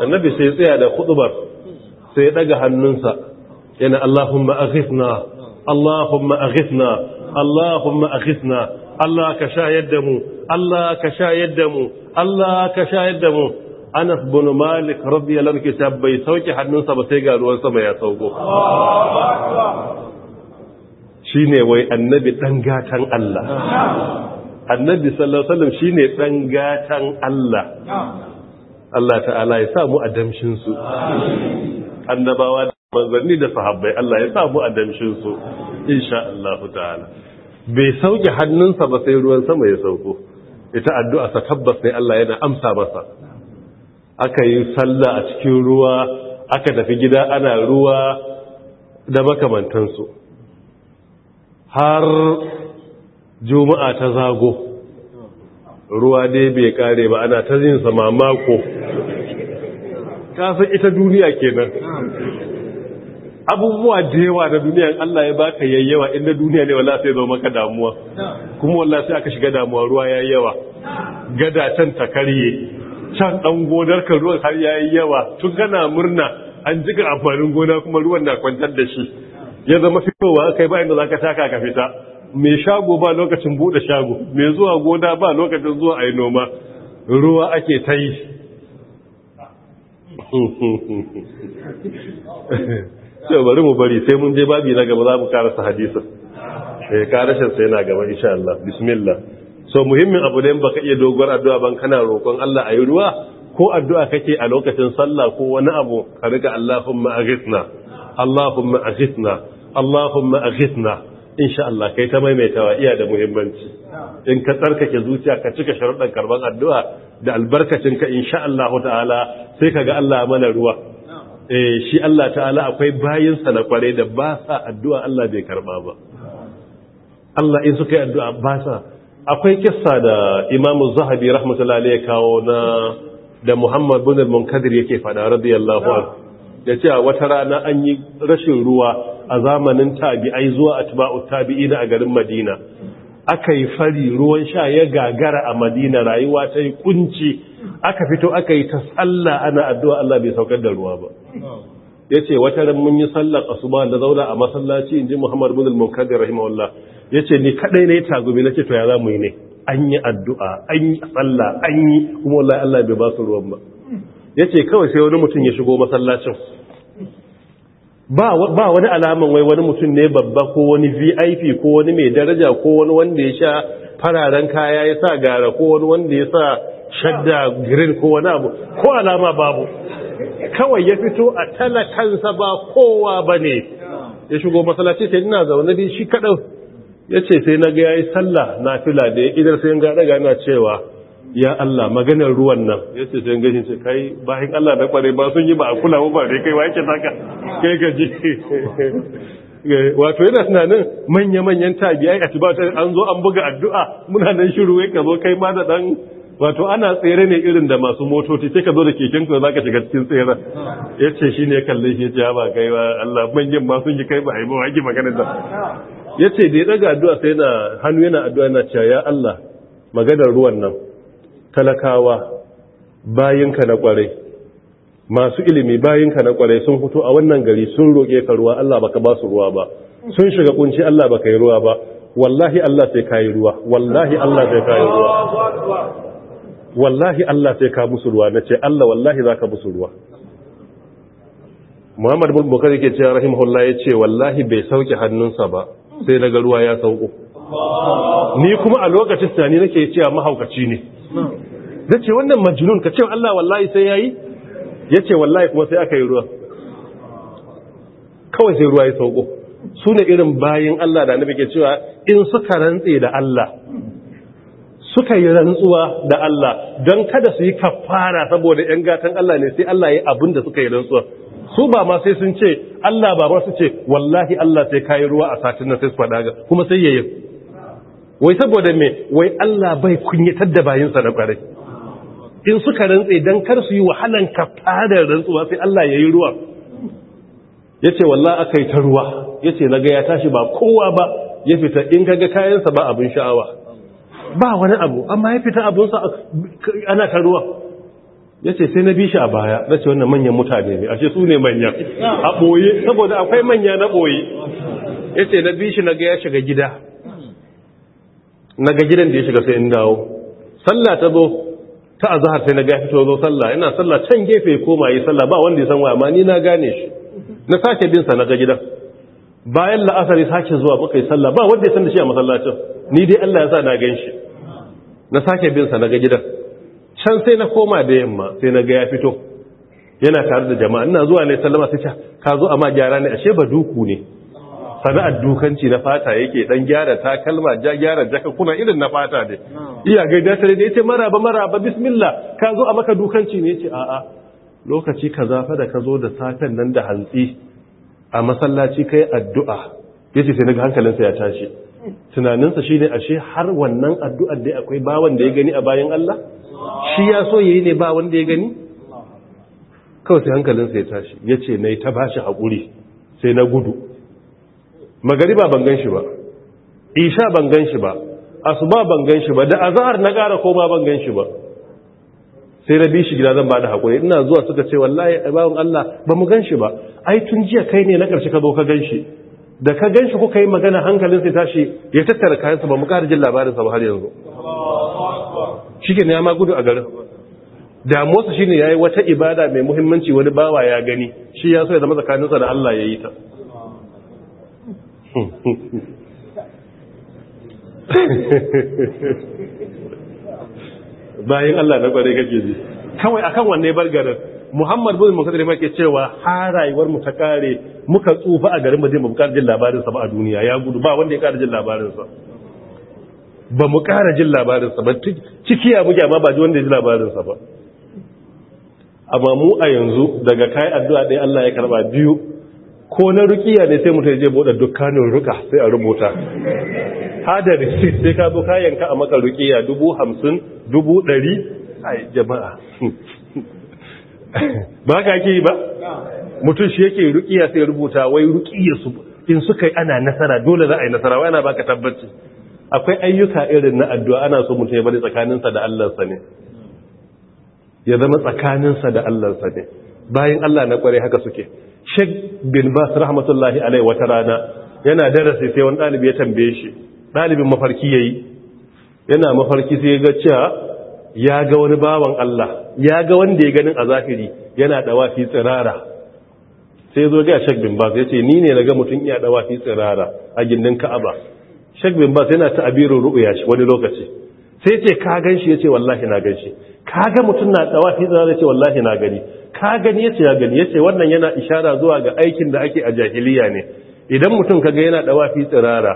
annabi sai tsaya da kudubar sai ya daga hannunsa yana Allahumma aghithna Allahumma aghithna Allahumma aghithna Allah ka shayar da mu Allah ka shayar da mu Allah ka shayar da mu Anas bin Malik radiyallahu anhu bai sauke hannunsa ba sai ga ruwan sama ya sauko shine wai annabi dan gatan Allah annabi sallallahu alaihi wasallam shine dan gatan Allah Allah ta'ala ya samu adamshin su annabawa manzanni da sahabbai Allah ya samu a su insha Allah ta'ala bai sauke hannunsa ba sai ruwan sama ya sauko ita addu'a sa tabbas ne Allah yana amsa masa aka yi sallah a cikin ruwa aka tafi gida ana ruwa da su har juma'a ta zago ruwa dai bai kare ba ana ta yin mamako Ta san ita duniya kenan abubuwa da yawa da duniya Allah ya baka yayyawa inda duniya ne wala sai zo maka damuwa kuma wallahi sai aka shiga damuwa ruwa yayyawa yawa gada can ta karye can dan gonar ka ruwan har yayi yawa tun kana murna an jiga amfanin gona kuma ruwan na kwantar da shi ya zama fitowa kai ba inda zaka taka ka fita mai shago ba lokacin bude shago mai zuwa gona ba lokacin zuwa ayi noma ruwa ake ta to bari mu bari sai mun je babi na gaba za mu karasa hadisin eh karashin sai na gaba insha Allah bismillah so muhimmin abu da baka iya dogon addu'a ban kana roƙon Allah a yi ruwa ko addu'a kake a lokacin sallah ko wani abu ka rika Allahumma aghithna Allahumma aghithna Allahumma aghithna insha Allah kai ta maimaitawa iya da muhimmanci in ka tsarkake zuciya ka cika sharuɗan karban addu'a da albarkacin ka insha Allah ta'ala sai kaga Allah mana ruwa Eh, shi Allah ta'ala akwai bayinsa na kwarai da ba sa addu'a Allah bai karba ba Allah in suka yi addu'a ba sa akwai kissa da imamu zahabi rahmatullahi ya kawo na da muhammad bin munkadir yake fada radiyallahu anhu. da cewa wata rana an yi rashin ruwa a zamanin tabi'ai zuwa atba'u tabi'i a garin madina aka yi fari ruwan sha ya gagara a madina rayuwa ta yi kunci aka fito aka yi ta tsalla ana addu'a Allah bai saukar da ruwa ba ya ce wata ran mun yi sallar asuba da zauna a masallaci in ji Muhammadu bin al-munkadir Allah ya ce ni kadai na yi tagumi na ce to ya za mu yi ne an yi addu'a an yi tsalla an yi kuma wallahi Allah bai ba su ruwan ba ya ce kawai sai wani mutum ya shigo masallacin ba wani alaman wai wani mutum ne babba ko wani vip ko wani mai daraja ko wani wanda ya sha fararen kaya ya sa gara ko wani wanda ya sa shadda green ko wani abu ko alama babu kawai ya fito a talakansa ba kowa ba ne ya shigo masalaci sai ina zaune bi shi kaɗan ya ce sai na ga ya yi sallah na fila da ya idar sai ga daga cewa ya Allah maganar ruwan nan ya ce sai gashin ce kai bayan Allah da kware ba sun yi ba a kula ba dai kai wake taka kai gaji wato yana tunanin manya-manyan yi a tibata an zo an buga addu'a muna nan shiru ya ka zo kai ma da dan wato ana tsere ne irin da masu motoci sai ka zo da keken ka za ka shiga cikin tsere ya ce shi ne kalle shi ya ba kai ba Allah manyan ma sun yi kai ba haibu wa magana da ya ce da ya daga addu'a sai na hannu yana addu'a yana cewa ya Allah maganar ruwan nan talakawa bayinka na kwarai masu ilimi bayinka na kwarai sun fito a wannan gari sun roƙe ka ruwa Allah baka ba su ruwa ba sun shiga kunci Allah baka yi ruwa ba wallahi Allah sai kayi ruwa wallahi Allah sai kai ruwa wallahi Allah sai ka musu ruwa ce Allah wallahi zaka musu ruwa Muhammad bin Bukhari yake cewa rahimahullah yace wallahi bai sauke hannunsa ba sai daga ruwa ya sauko ni kuma a lokacin tunani nake cewa mahaukaci ne ce wannan majnun ka ce Allah wallahi sai yayi yace wallahi kuma sai aka yi ruwa kawai sai ruwa ya sauko su ne irin bayin Allah da nabi ke cewa in suka rantse da Allah suka yi rantsuwa da Allah don kada su yi kafara saboda ‘yan gatan Allah ne sai Allah ya abin da suka yi rantsuwa su ba ma sai sun ce Allah ba ma su ce wallahi Allah sai kayi ruwa a satin nan sai su faɗa ga kuma sai yayi wai saboda me wai Allah bai kunyatar da bayinsa da kwarai in suka rantse don kar su yi wahalan kafarar rantsuwa sai Allah ya yi ruwa ya ce wallah aka ta ruwa ya ce na ga ya tashi ba kowa ba ya fita in ka ga kayansa ba abin sha'awa ba wani abu amma ya fita abunsa ana ta ruwa ya ce sai na bi shi a baya na ce wannan manyan mutane ne ashe su ne manyan a ɓoye saboda akwai manya na ɓoye ya ce na bi shi na ga ya shiga gida na ga gidan da ya shiga sai in dawo sallah ta zo ta azahar sai na ga fito zo sallah ina sallah can gefe koma yi sallah ba wanda ya san wa ni na gane shi na sake binsa na ga gidan bayan la'asari sake zuwa muka yi sallah ba wanda ya san da shi a masallacin ni dai Allah ya sa na gan shi na sake binsa na ga gidan can sai na koma da yamma sai na ga ya fito yana tare da jama'a ina zuwa ne sallama sai ta ka zo amma gyara ne ashe ba duku ne sana'ar dukanci na fata yake dan gyara takalma ja gyara jaka kuna irin na fata ne iya da ta yace maraba maraba bismillah ka zo a maka dukanci ne yace a'a lokaci kaza fa da ka zo da safen nan da hantsi a masallaci kai addu'a yace sai naga hankalinsa ya tashi tunaninsa shi ne ashe har wannan addu'ar da akwai bawan da ya gani a bayan Allah shi ya so yi ne ba wanda ya gani kawai sai hankalinsa ya tashi ya ce na yi ta bashi haƙuri sai na gudu magari ban gan shi ba isha ban gan shi ba asuba ban gan shi ba da azahar na ƙara koma ban shi ba sai na bi shi gida zan ba da haƙuri ina zuwa suka ce wallahi bawon Allah ba mu gan shi ba ai tun jiya kai ne na ƙarshe ka zo ka gan shi da ka gan shi kuka yi magana hankalin sai tashi ya tattara kayansa ba mu ƙara jin sa ba har yanzu shi ke ya ma gudu a garin Da motsa shi ne ya yi wata ibada mai muhimmanci wani bawa ya gani shi ya so ya zama tsakaninsa da Allah ya yi ta bayan Allah na kwarai kake ji kawai akan wanne bar garin Muhammad bin Mukaddar ya ke cewa har rayuwar mu ta kare muka tsufa a garin Madina ba mu jin labarin sa ba a duniya ya gudu ba wanda ya ƙara jin labarin sa ba mu kara jin labarinsa sa ba cikiya muke amma ba ji wanda ya ji labarin ba amma mu a yanzu daga kai addu'a ɗaya Allah ya karba biyu ko na rukiya ne sai mutum ya je bude dukkanin ruka sai a rubuta hadari sai ka zo kayanka a maka rukiya dubu hamsin dubu ɗari a jama'a ba ka ke ba mutum shi yake rukiya sai rubuta wai rukiya su in suka yi ana nasara dole za a yi nasara wai ana baka tabbaci akwai ayyuka irin na addu'a ana so mutum ya bari tsakaninsa da Allah sa ne ya zama tsakaninsa da Allah sa ne bayan Allah na kware haka suke Sheikh bin Bas rahmatullahi alaihi wata rana yana darasi sai wani ɗalibi ya tambaye shi ɗalibin mafarki yayi yana mafarki sai ya ga cewa ya ga wani bawan Allah ya ga wanda ya ganin a zahiri yana fi tsirara sai zo ga shek bin ya yace ni ne naga mutum iya fi tsirara a gindin Ka'aba Shek bin ba yana ta'abirin ru'ya shi wani lokaci sai ce ka ganshi yace wallahi na ganshi ka ga mutum na fi tsirara yace wallahi na gani ka gani yace ya gani yace wannan yana ishara zuwa ga aikin da ake a jahiliya ne idan mutum kaga yana fi tsirara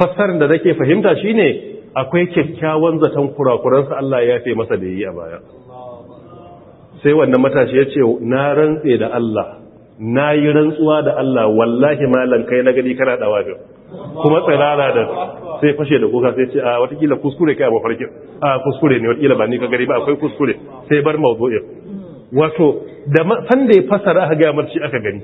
fassarar da nake fahimta shine akwai kyakkyawan zaton kurakuransa Allah ya fi masa da yi a baya sai wannan matashi ya ce na rantse da Allah na yi rantsuwa da Allah wallahi malam kai na gani kana da wafin? kuma tsirara da sai fashe da kuka sai ce a watakila kuskure kai a mafarkin a kuskure ne watakila ba ni ka gari ba akwai kuskure sai bar mawdu'in wato da sanda ya fasara aka gaya marci aka gani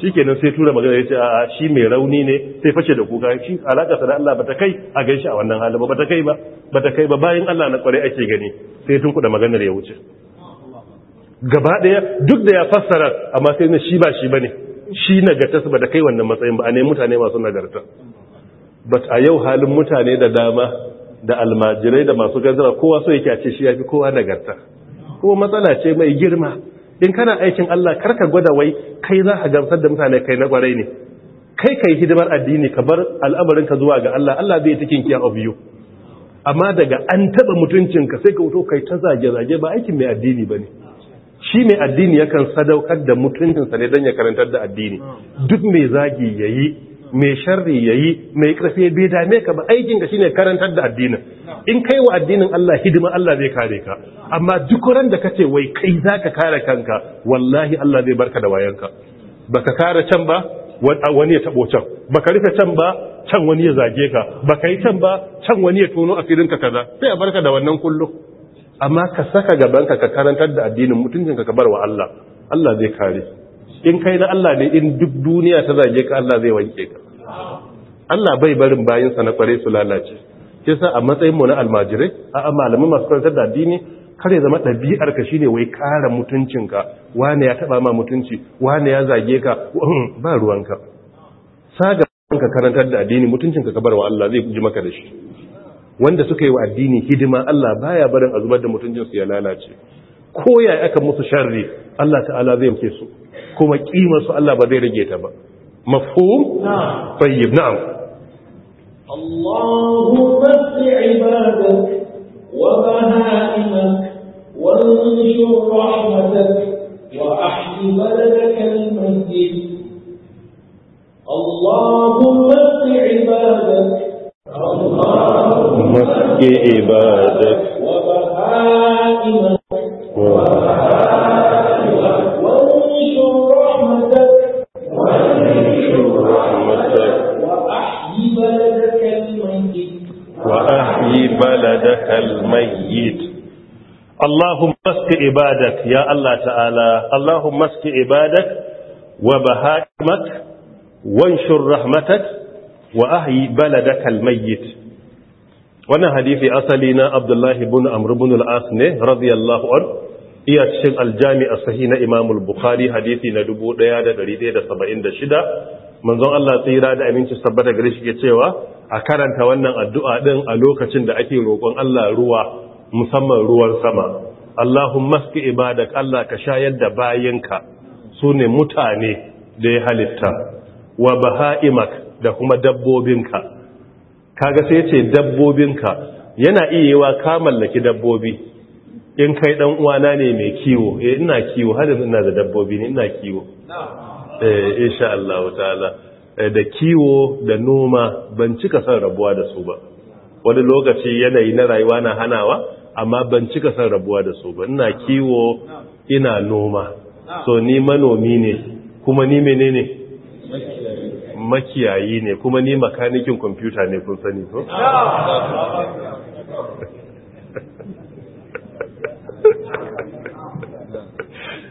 shi kenan sai tura magana ya ce a shi mai rauni ne sai fashe da kuka shi alaƙa sana Allah ba ta kai a gaishe a wannan halin ba ta kai ba ba ta kai ba bayan Allah na kware ake gani sai tun kuɗa maganar ya wuce gaba ɗaya duk da ya fassara amma sai na shi ba shi ba ne shi nagarta ba ta kai wannan matsayin ba a ne mutane masu nagarta but a yau halin mutane da dama da almajirai da masu gazara kowa so yake a ce shi ya fi kowa nagarta ko matsala ce mai girma in kana aikin Allah karka gwada wai kai za ka gamsar da mutane kai na kwarai ne kai kai hidimar addini ka bar al'amarin zuwa ga Allah Allah zai taking care of you amma daga an taba mutuncinka sai ka wuto kai ta zage-zage ba aikin mai addini bane shi mai addini yakan sadaukar da mutuncinsa ne dan ya karantar da addini duk mai zagi yayi mai sharri yayi mai karfi bai dame ka ba aikin ka shine karantar da addinin in kai wa addinin Allah hidima Allah zai kare ka amma duk ran da kace wai kai zaka kare kanka wallahi Allah zai barka da wayanka baka kare can ba wani ya tabo can baka rufe can ba can wani ya zage ka baka yi can ba can wani ya tono asirin ka kaza sai a barka da wannan kullu amma ka saka gaban ka ka karantar da addinin mutuncin ka ka bar wa Allah Allah zai kare in kai na Allah ne in duk duniya ta zage ka Allah zai wanke ka Allah bai barin sa na kware su lalace ke sa a mu na almajirai a malamin masu karantar da addini kare zama dabi'ar ka shine wai kara mutuncinka wani ya taba ma mutunci wani ya zage ka mm, ba ruwan ka. saga ka karantar da addini mutuncinka ka bar wa Allah zai ji maka da shi wanda suka yi wa addini hidima Allah baya barin azubar da mutuncin su ya lalace ko ya aka musu sharri Allah ta'ala zai yanke su kuma kimar su Allah ba zai rage ta ba mafhum tayyib na'am Allahumma fi ibadatik wa bahaimak وانشر رحمتك وأحل بلدك المسجد اللهم اسق عبادك اللهم اسق عبادك وبهائمك ibadak ya Allah ta'ala Allahu maski ibadak wa bahaimak wanshur rahmatak wa ahyi baladakal mayyit wannan hadisi asali na Abdullahi ibn Amr ibn ne radiyallahu an iya cikin aljami as-sahih na Imam al-Bukhari hadisi na 1176 manzon Allah tsira da aminci sabbata gari shi ke cewa a karanta wannan addu'a ɗin a lokacin da ake roƙon Allah ruwa musamman ruwan sama Allahumma maski ibadak Allah ka shayar da bayinka sune mutane da ya halitta wa bahaimak da kuma dabbobinka kaga sai ce dabbobinka yana iyewa ka mallaki dabbobi in kai dan uwana ne mai kiwo eh ina kiwo har ina da dabbobi ne ina kiwo eh insha Allah ta'ala eh, da kiwo da noma ban cika san rabuwa da su ba wani lokaci yanayi na rayuwa na hanawa amma ban cika san rabuwa da su ba ina kiwo ina noma so ni manomi ne kuma ni menene makiyayi ne kuma ni makanikin kwamfuta ne kun sani ko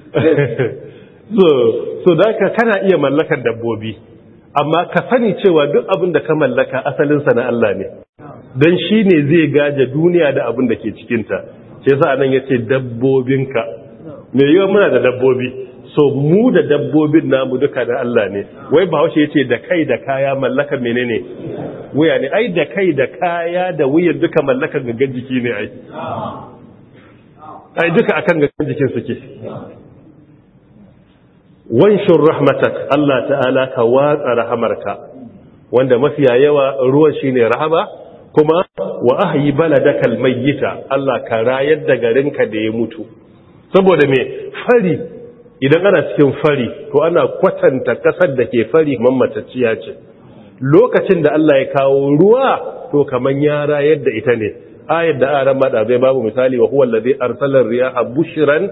so so da ka kana iya mallakar dabbobi amma ka sani cewa duk abin da ka mallaka asalinsa na Allah ne don shi ne zai gaje duniya da abin da ke cikinta sai sa nan ya ce dabbobinka mai yiwa muna da dabbobi so mu da dabbobin namu duka da Allah ne wai haushe ya ce da kai da kaya mallaka menene wuya ne ai da kai da kaya da wuyan duka mallaka gangan jiki ne ai ai duka akan gangan jikin suke Wanshin rahmatak Allah ta'ala ka watsa rahamarka wanda mafiya yawa ruwan shine rahama kuma wa ahyi baladakal mayyita Allah ka rayar da ka da ya mutu saboda me fari idan ana cikin fari to ana kwatanta kasar da ke fari man matacciya ce lokacin da Allah ya kawo ruwa to kaman ya rayar da ita ne ayar da aran mada zai babu misali wa huwa allazi arsala riyaha bushran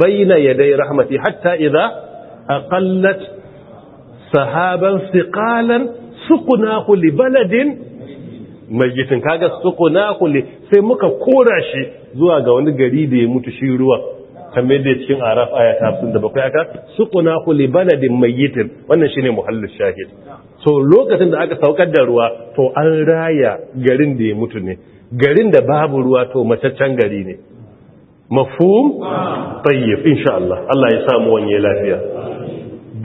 bayna yaday rahmati hatta idha aqallat sahaban thiqalan suqnahu li baladin Mai mayyitin kaga na kulli sai muka kora shi zuwa ga wani gari da ya mutu shi ruwa kamar da cikin araf aya ta 57 aka suquna kulli baladin mayyitin wannan shine muhallin shahid so lokacin da aka saukar da ruwa to an raya garin da ya mutu ne garin da babu ruwa to mataccen gari ne mafhum tayyib insha Allah Allah ya samu wani lafiya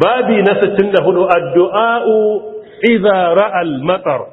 babi na 64 addu'a idza ra'al matar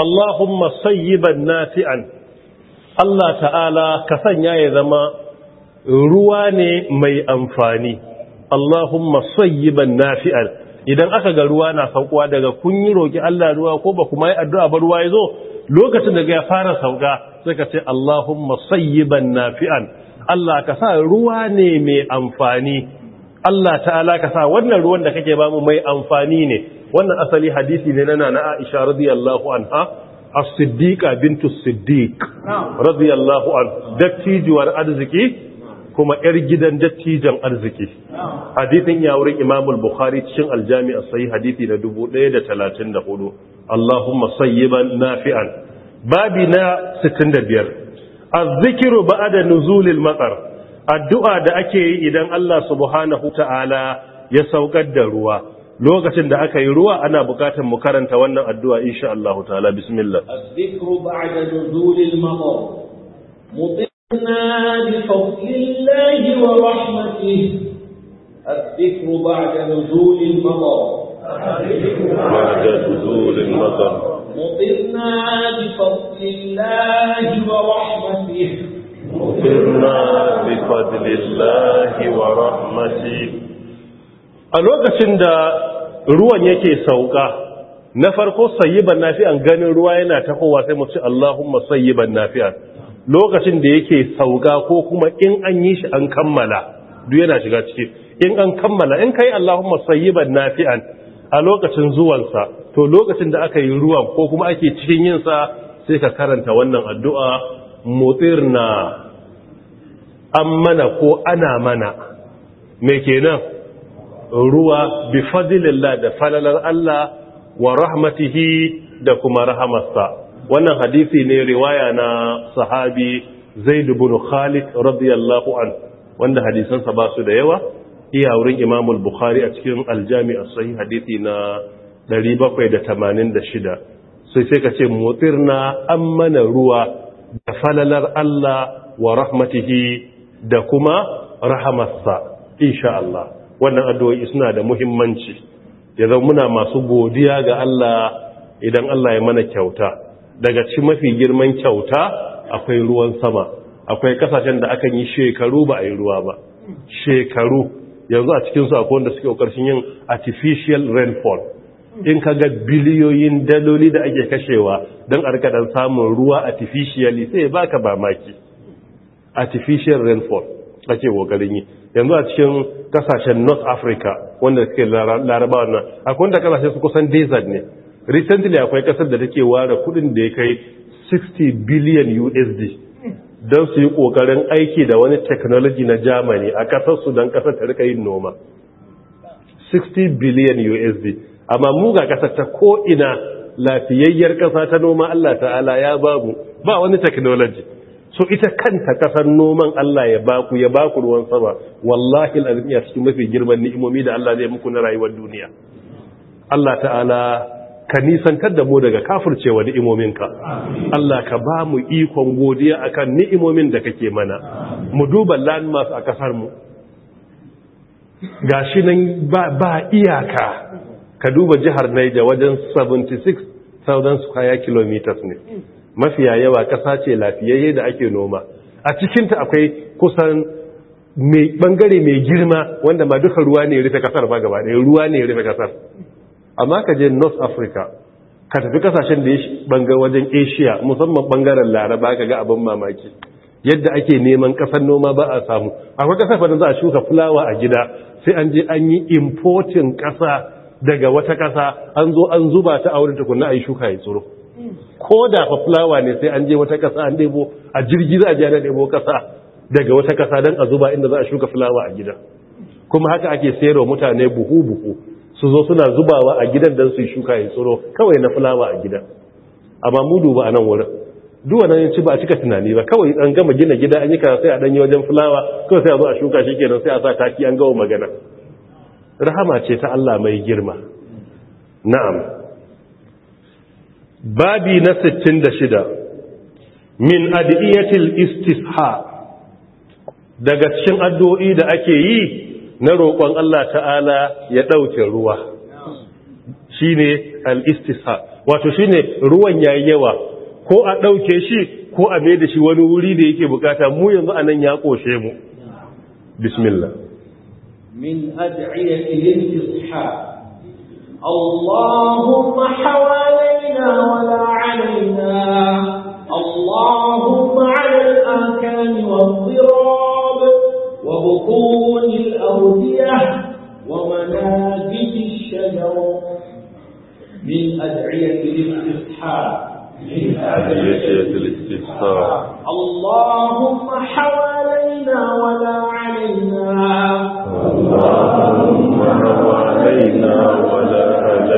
Allahumma sayyiban nafi'an Allah ta'ala ka sanya ya zama ruwa ne mai amfani Allahumma sayyiban nafi'an idan aka ga ruwa na saukuwa daga kun yi roki Allah ruwa ko ba kuma yi addu'a ba ruwa ya zo lokacin daga ya fara sauka sai ka ce Allahumma sayyiban nafi'an Allah ka sa ruwa ne mai amfani Allah ta'ala ka sa wannan ruwan da kake ba mu mai amfani ne wannan asali hadisi ne na na Aisha radiyallahu anha as-siddiqa bintu siddiq radiyallahu an dattijuwar arziki kuma yar gidan dattijan arziki hadisin ya wurin Imam al-Bukhari cikin al-Jami' as-Sahih hadisi na 1034 Allahumma sayyiban nafi'an babi na 65 az-zikru ba'da nuzulil matar addu'a da ake yi idan Allah subhanahu ta'ala ya saukar da ruwa lokacin da aka yi ruwa ana bukatar mu karanta wannan addu'a insha Allah ta'ala bismillah az ba'da nuzulil matar mutina bi fadlillahi wa rahmatihi az ba'da nuzulil matar az ba'da nuzulil matar mutina bi fadlillahi wa rahmatihi mutina bi fadlillahi wa rahmatihi a lokacin da ruwan yake sauka na farko sayyiban nafi'an ganin ruwa yana takowa sai mu ci Allahumma sayyiban nafi'an lokacin da yake sauka ko kuma in an yi shi an kammala duk yana shiga ciki in an kammala in kai Allahumma sayyiban nafi'an a lokacin zuwan sa to lokacin da aka yi ruwan ko kuma ake cikin yin sa sai ka karanta wannan addu'a mutirna an mana ko ana mana me kenan ruwa bi fadlillah da falalar Allah wa rahmatihi da kuma rahamarsa wannan hadisi ne riwaya na sahabi Zaid ibn Khalid radiyallahu an wanda hadisansa ba su da yawa iya wurin Imam al-Bukhari a cikin al-Jami' as-Sahih hadisi na 786 sai sai kace mutirna ammana ruwa da falalar Allah wa rahmatihi da kuma rahamarsa insha Allah wannan addu'o'i suna da muhimmanci ya zama muna masu godiya ga Allah idan Allah ya mana kyauta daga ci mafi girman kyauta akwai ruwan sama akwai kasashen da akan yi shekaru ba a yi ruwa ba shekaru yanzu a cikinsu akwai wanda suke ƙarshen yin artificial rainfall in ka ga biliyoyin daloli da ake kashewa don rikadar samun ruwa artificially sai baka ba maki artificial rainfall ake ƙoƙarin yi yanzu a cikin kasashen north africa wanda suke larabawa nan akwai wanda kasashen su kusan desert ne recently akwai kasar da take ware kudin da ya kai 60 billion usd don su yi ƙoƙarin aiki da wani technology na germany a ƙasarsu don ƙasar ta rika yin noma 60 billion usd amma muga ƙasar ta ko'ina lafiyayyar ƙasa ta noma allah ta'ala ya babu ba wani technology so ita kanta kasar noman Allah ya baku ya baku ruwan sama wallahi alazim ya cikin mafi girman ni'imomi da Allah zai muku na rayuwar duniya Allah ta'ala ka nisantar da mu daga kafircewa ka Allah ka ba mu ikon godiya akan ni'imomin da kake mana mu duba landmass a kasar mu gashi nan ba, iyaka ka duba jihar Niger wajen 76,000 square kilometers ne mafiya yawa ƙasa ce lafiyayye da ake noma a cikinta akwai kusan mai bangare mai girma wanda ma duka ruwa ne rufe kasar ba gaba ɗaya ruwa ne rufe kasar amma ka je north africa ka tafi ƙasashen da ya bangar wajen asia musamman bangaren laraba ka ga abin mamaki yadda ake neman kasar noma ba a samu akwai kasar fadin za a shuka fulawa a gida sai an je an yi importin kasa daga wata ƙasa an zo an zuba ta a wurin tukunna a yi shuka ya tsoro ko da fa fulawa ne sai an je wata kasa an debo a jirgi za a je ana ɗebo kasa daga wata kasa don a zuba inda za a shuka fulawa a gida kuma haka ake sayarwa mutane buhu-buhu su zo suna zubawa a gidan don su shuka ya tsoro kawai na fulawa a gida amma mu duba a nan wurin duwa nan ci ba a cika tunani ba kawai an gama gina gida an yi kara sai a ɗanyi wajen fulawa kawai sai a zo a shuka shi kenan sai a sa taki an gawo magana rahama ce ta Allah mai girma na'am babi na 66 min adiyatil istisha daga cikin addu'o'i da ake yi na roƙon Allah ta'ala ya ɗauke ruwa shi ne al'istisha wato shine ruwan ya yawa ko a ɗauke shi ko a mai da shi wani wuri da yake bukata mu yanzu a nan ya ƙoshe mu bismillah min adiyatil istisha اللهم حوالينا ولا علينا اللهم على الأركان والضراب وبطون الأودية ومنابت الشجر من أدعية الاستفتحاء من أدعية الاستفتحاء اللهم حوالينا ولا علينا اللهم حوالينا ولا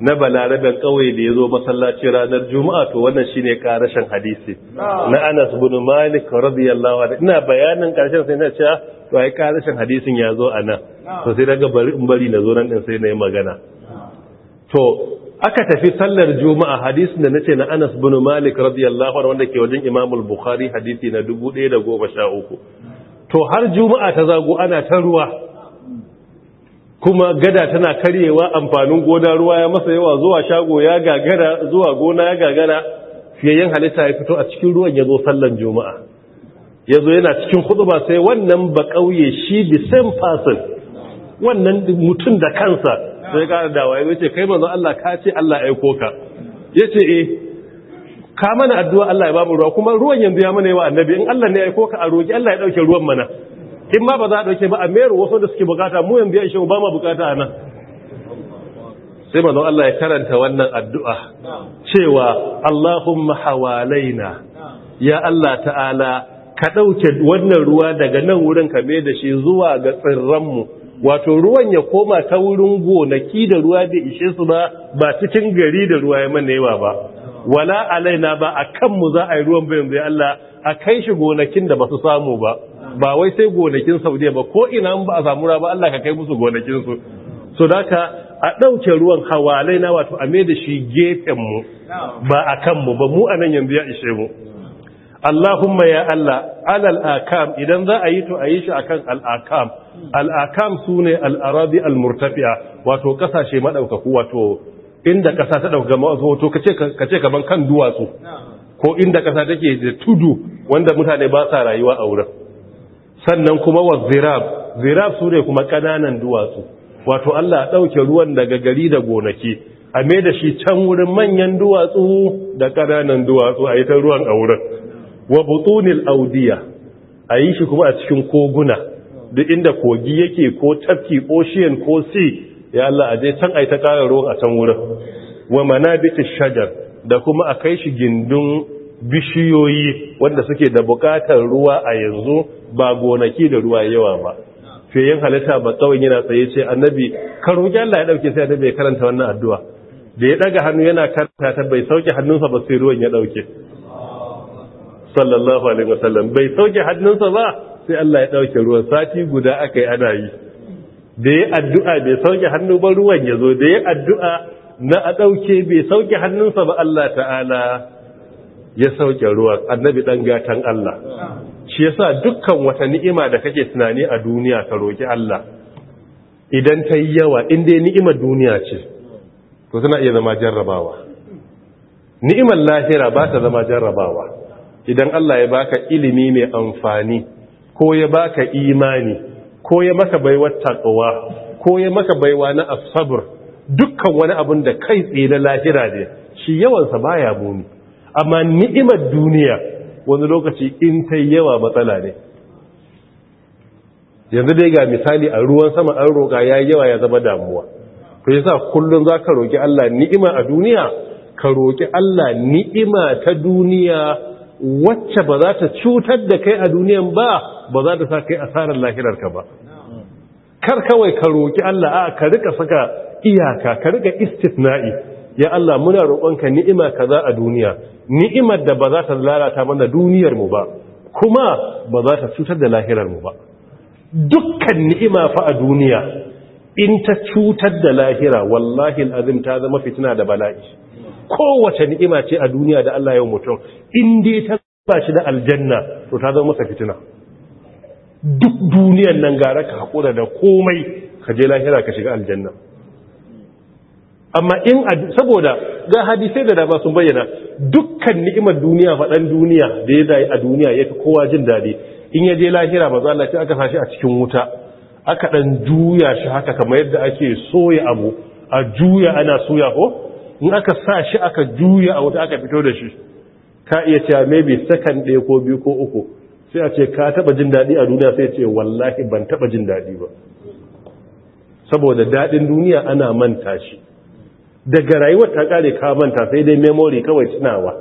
na balaraben kawai da ya zo masallaci ranar juma'a to wannan shi ne karashen hadisi ah. na anas bin malik radiyallahu anhu ina bayanin karshen sai na cewa to ai karashen hadisin ya zo a nan ah. to sai daga bari in bari na zo nan din sai na yi magana ah. to aka tafi sallar juma'a hadisin da nace na anas bin malik radiyallahu anhu wanda ke wajen imam al-bukhari hadisi na uku. to har juma'a ta zago ana ta ruwa kuma gada tana karyewa amfanin gona ruwa ya masa yawa zuwa shago ya gagara zuwa gona ya gagara fiyayyen halitta ya fito a cikin ruwan ya zo sallan juma'a ya zo yana cikin hudu ba sai wannan ba kauye shi the same person wannan mutum da kansa sai kara dawa ya ce kai manzo Allah ka ce Allah aiko ka ce eh ka mana addu'a Allah ya mu ruwa kuma ruwan yanzu ya mana yawa annabi in Allah ne ya aiko ka a roki Allah ya ɗauke ruwan mana in ma ba za a ɗauke ba a meru wasu da suke bukata mu yin biya ishe ba ma bukata a nan sai mazan Allah ya karanta wannan addu'a cewa Allahumma hawalaina ya Allah ta'ala ka ɗauke wannan ruwa daga nan wurin kame da shi zuwa ga tsirranmu wato ruwan ya koma ta wurin gonaki da ruwa da ishe su ba ba cikin gari da ruwa ya mana yawa ba wala alaina ba a kanmu za a yi ruwan bayan zai Allah a kai shi gonakin da ba su samu ba ba wai sai gonakin saudiya ba ko ina ba a samura ba Allah ka kai musu gonakinsu so da a ɗauke ruwan hawalai na wato a mai da shi gefenmu ba a kanmu ba mu a nan yanzu ya ishe mu Allahumma ya Allah al akam idan za a yi to a yi shi akan al'akam al'akam su ne al'arabi al-murtafiya wato kasashe maɗaukaku wato inda ƙasa ta ɗauka wato ka ce kaman kan duwatsu ko inda ƙasa take da tudu wanda mutane ba sa rayuwa a wurin sannan kuma wa zirab zirab su ne kuma ƙananan duwatsu wato Allah ɗauke ruwan daga gari da gonaki a me da shi can wurin manyan duwatsu da ƙananan duwatsu a yi ta ruwan a wurin wa butunil audiya a yi shi kuma a cikin koguna duk inda kogi yake ko tafki ocean ko sea ya Allah a je can a yi ta ƙara ruwan a can wurin wa manabitin shajar da kuma a kai shi gindin bishiyoyi wanda suke da buƙatar ruwa a yanzu ba gonaki da ruwa yawa ba yin halitta ba tsawon yana tsaye ce annabi karu roƙi Allah ya dauke sai annabi ya karanta wannan addu'a da ya daga hannu yana karanta ta bai sauke hannunsa ba sai ruwan ya dauke. sallallahu alaihi wasallam bai sauke hannunsa ba sai Allah ya dauke ruwan sati guda aka yi ana yi da ya addu'a bai sauke hannu ba ruwan ya zo da ya addu'a na a dauke bai sauke hannunsa ba Allah ta'ala ya sauke ruwa annabi dan gatan Allah shi yasa dukkan wata ni'ima da kake tunani a duniya ka roki Allah idan ta yi yawa in dai ni'imar duniya ce to tana iya zama jarrabawa ni'imar lahira ba ta zama jarrabawa idan Allah ya baka ilimi mai amfani ko ya baka imani ko ya maka baiwar taqwa ko ya maka baiwa na asabr dukkan wani abun da kai tsaye na lahira ne shi yawansa baya muni amma ni'imar duniya wani lokaci in ta yawa matsala ne yanzu dai ga misali a ruwan sama an roƙa ya yawa ya zama damuwa to yasa kullum za ka roƙi Allah ni'ima a duniya ka roƙi Allah ni'ima ta duniya wacce ba za ta cutar da kai a duniyan ba ba za ta sa kai asarar lahirarka ba kar kawai ka roƙi Allah a ka rika saka iyaka ka rika istisna'i ya Allah muna roƙonka ni'ima kaza a duniya ni'imar da ba za ta lalata mana duniyar mu ba kuma ba za ta cutar da lahirar mu ba dukkan ni'ima fa a duniya in ta cutar da lahira wallahi alazim ta zama fitina da bala'i kowace ni'ima ce a duniya da Allah ya mutum in dai ta ba shi da aljanna to ta zama masa fitina duk duniyar nan gara ka hakura da komai ka je lahira ka shiga aljanna amma in saboda ga hadisai da dama sun bayyana dukkan ni'imar duniya faɗan duniya da ya dai a duniya ya fi kowa jin daɗi in ya je lahira za Allah ce aka fashi a cikin wuta aka ɗan juya shi haka kamar yadda ake soya abu a juya ana soya ko in aka sa shi aka juya a wuta aka fito da shi ka iya cewa maybe second ɗaya ko biyu ko uku sai a ce ka taɓa jin daɗi a duniya sai ce wallahi ban taɓa jin daɗi ba saboda daɗin duniya ana manta shi daga rayuwar ta kare ka manta sai dai memory kawai tunawa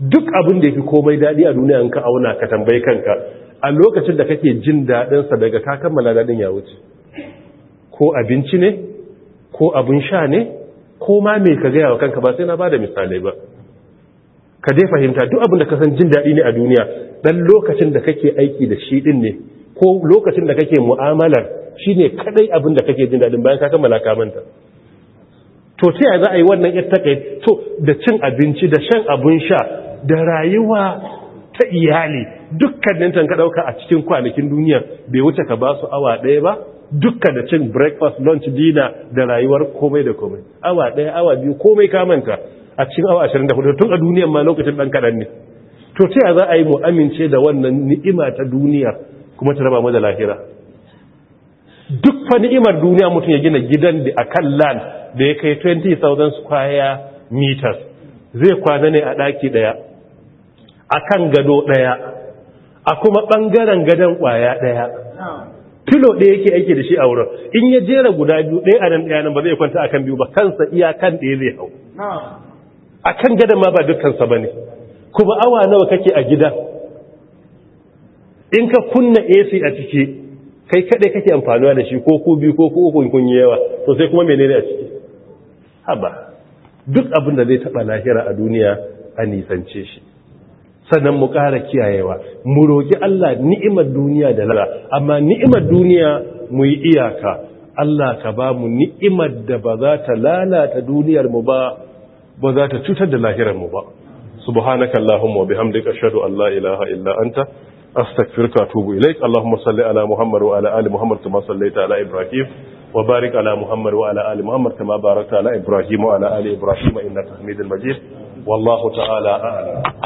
duk abin da yake komai dadi a duniya in ka auna ka tambayi kanka a lokacin da kake jin dadin sa daga ka kammala dadin ya wuce ko abinci ne ko abin sha ne ko ma me ka ga yawa kanka ba sai na bada misalai ba ka dai fahimta duk abin da ka san jin dadi ne a duniya dan lokacin da kake aiki da shi din ne ko lokacin da kake mu'amalar shine kadai abin da kake jin dadin bayan ka kammala ka manta to ce za a yi wannan yar takai to da cin abinci da shan abin sha da rayuwa ta iyali dukkanin ka dauka a cikin kwanakin duniya bai wuce ka ba su awa ɗaya ba dukka da cin breakfast lunch dinner da rayuwar komai da komai awa ɗaya awa biyu komai ka manta a cikin awa 24 tun a duniyar ma lokacin dan kadan ne to ce za a yi mu amince da wannan ni'ima ta duniya kuma ta raba mu da lahira duk fa ni'imar duniya mutum ya gina gidan da akan land da ya kai 20,000 square meters zai kwana ne a ɗaki ɗaya a kan gado ɗaya a kuma ɓangaren gadon kwaya ɗaya filo ɗaya yake aiki da shi a wurin in ya jera guda biyu ɗaya a nan ɗaya nan ba zai kwanta a kan biyu ba kansa iya kan ɗaya zai hau a kan gadon ma ba dukkansa ba ne kuma awa nawa kake a gida? in ka kunna ac a ciki kai kaɗai kake amfanuwa da shi ko ku biyu ko ku uku kun yi yawa to sai kuma menene a ciki haba duk abin da zai taɓa lahira a duniya a nisance shi sannan mu ƙara kiyayewa mu roƙi Allah ni'imar duniya da lara amma ni'imar duniya mu yi iyaka Allah ka ba mu ni'imar da ba za ta lalata duniyar mu ba ba za ta cutar da lahirar mu ba subhanaka allahumma wa bihamdika ashhadu an la ilaha illa anta astaghfiruka wa atubu ilaik allahumma salli ala muhammad wa ala ali muhammad kama sallaita ala ibrahim وبارك على محمد وعلى آل محمد كما باركت على إبراهيم وعلى آل إبراهيم إنك حميد مجيد والله تعالى أعلم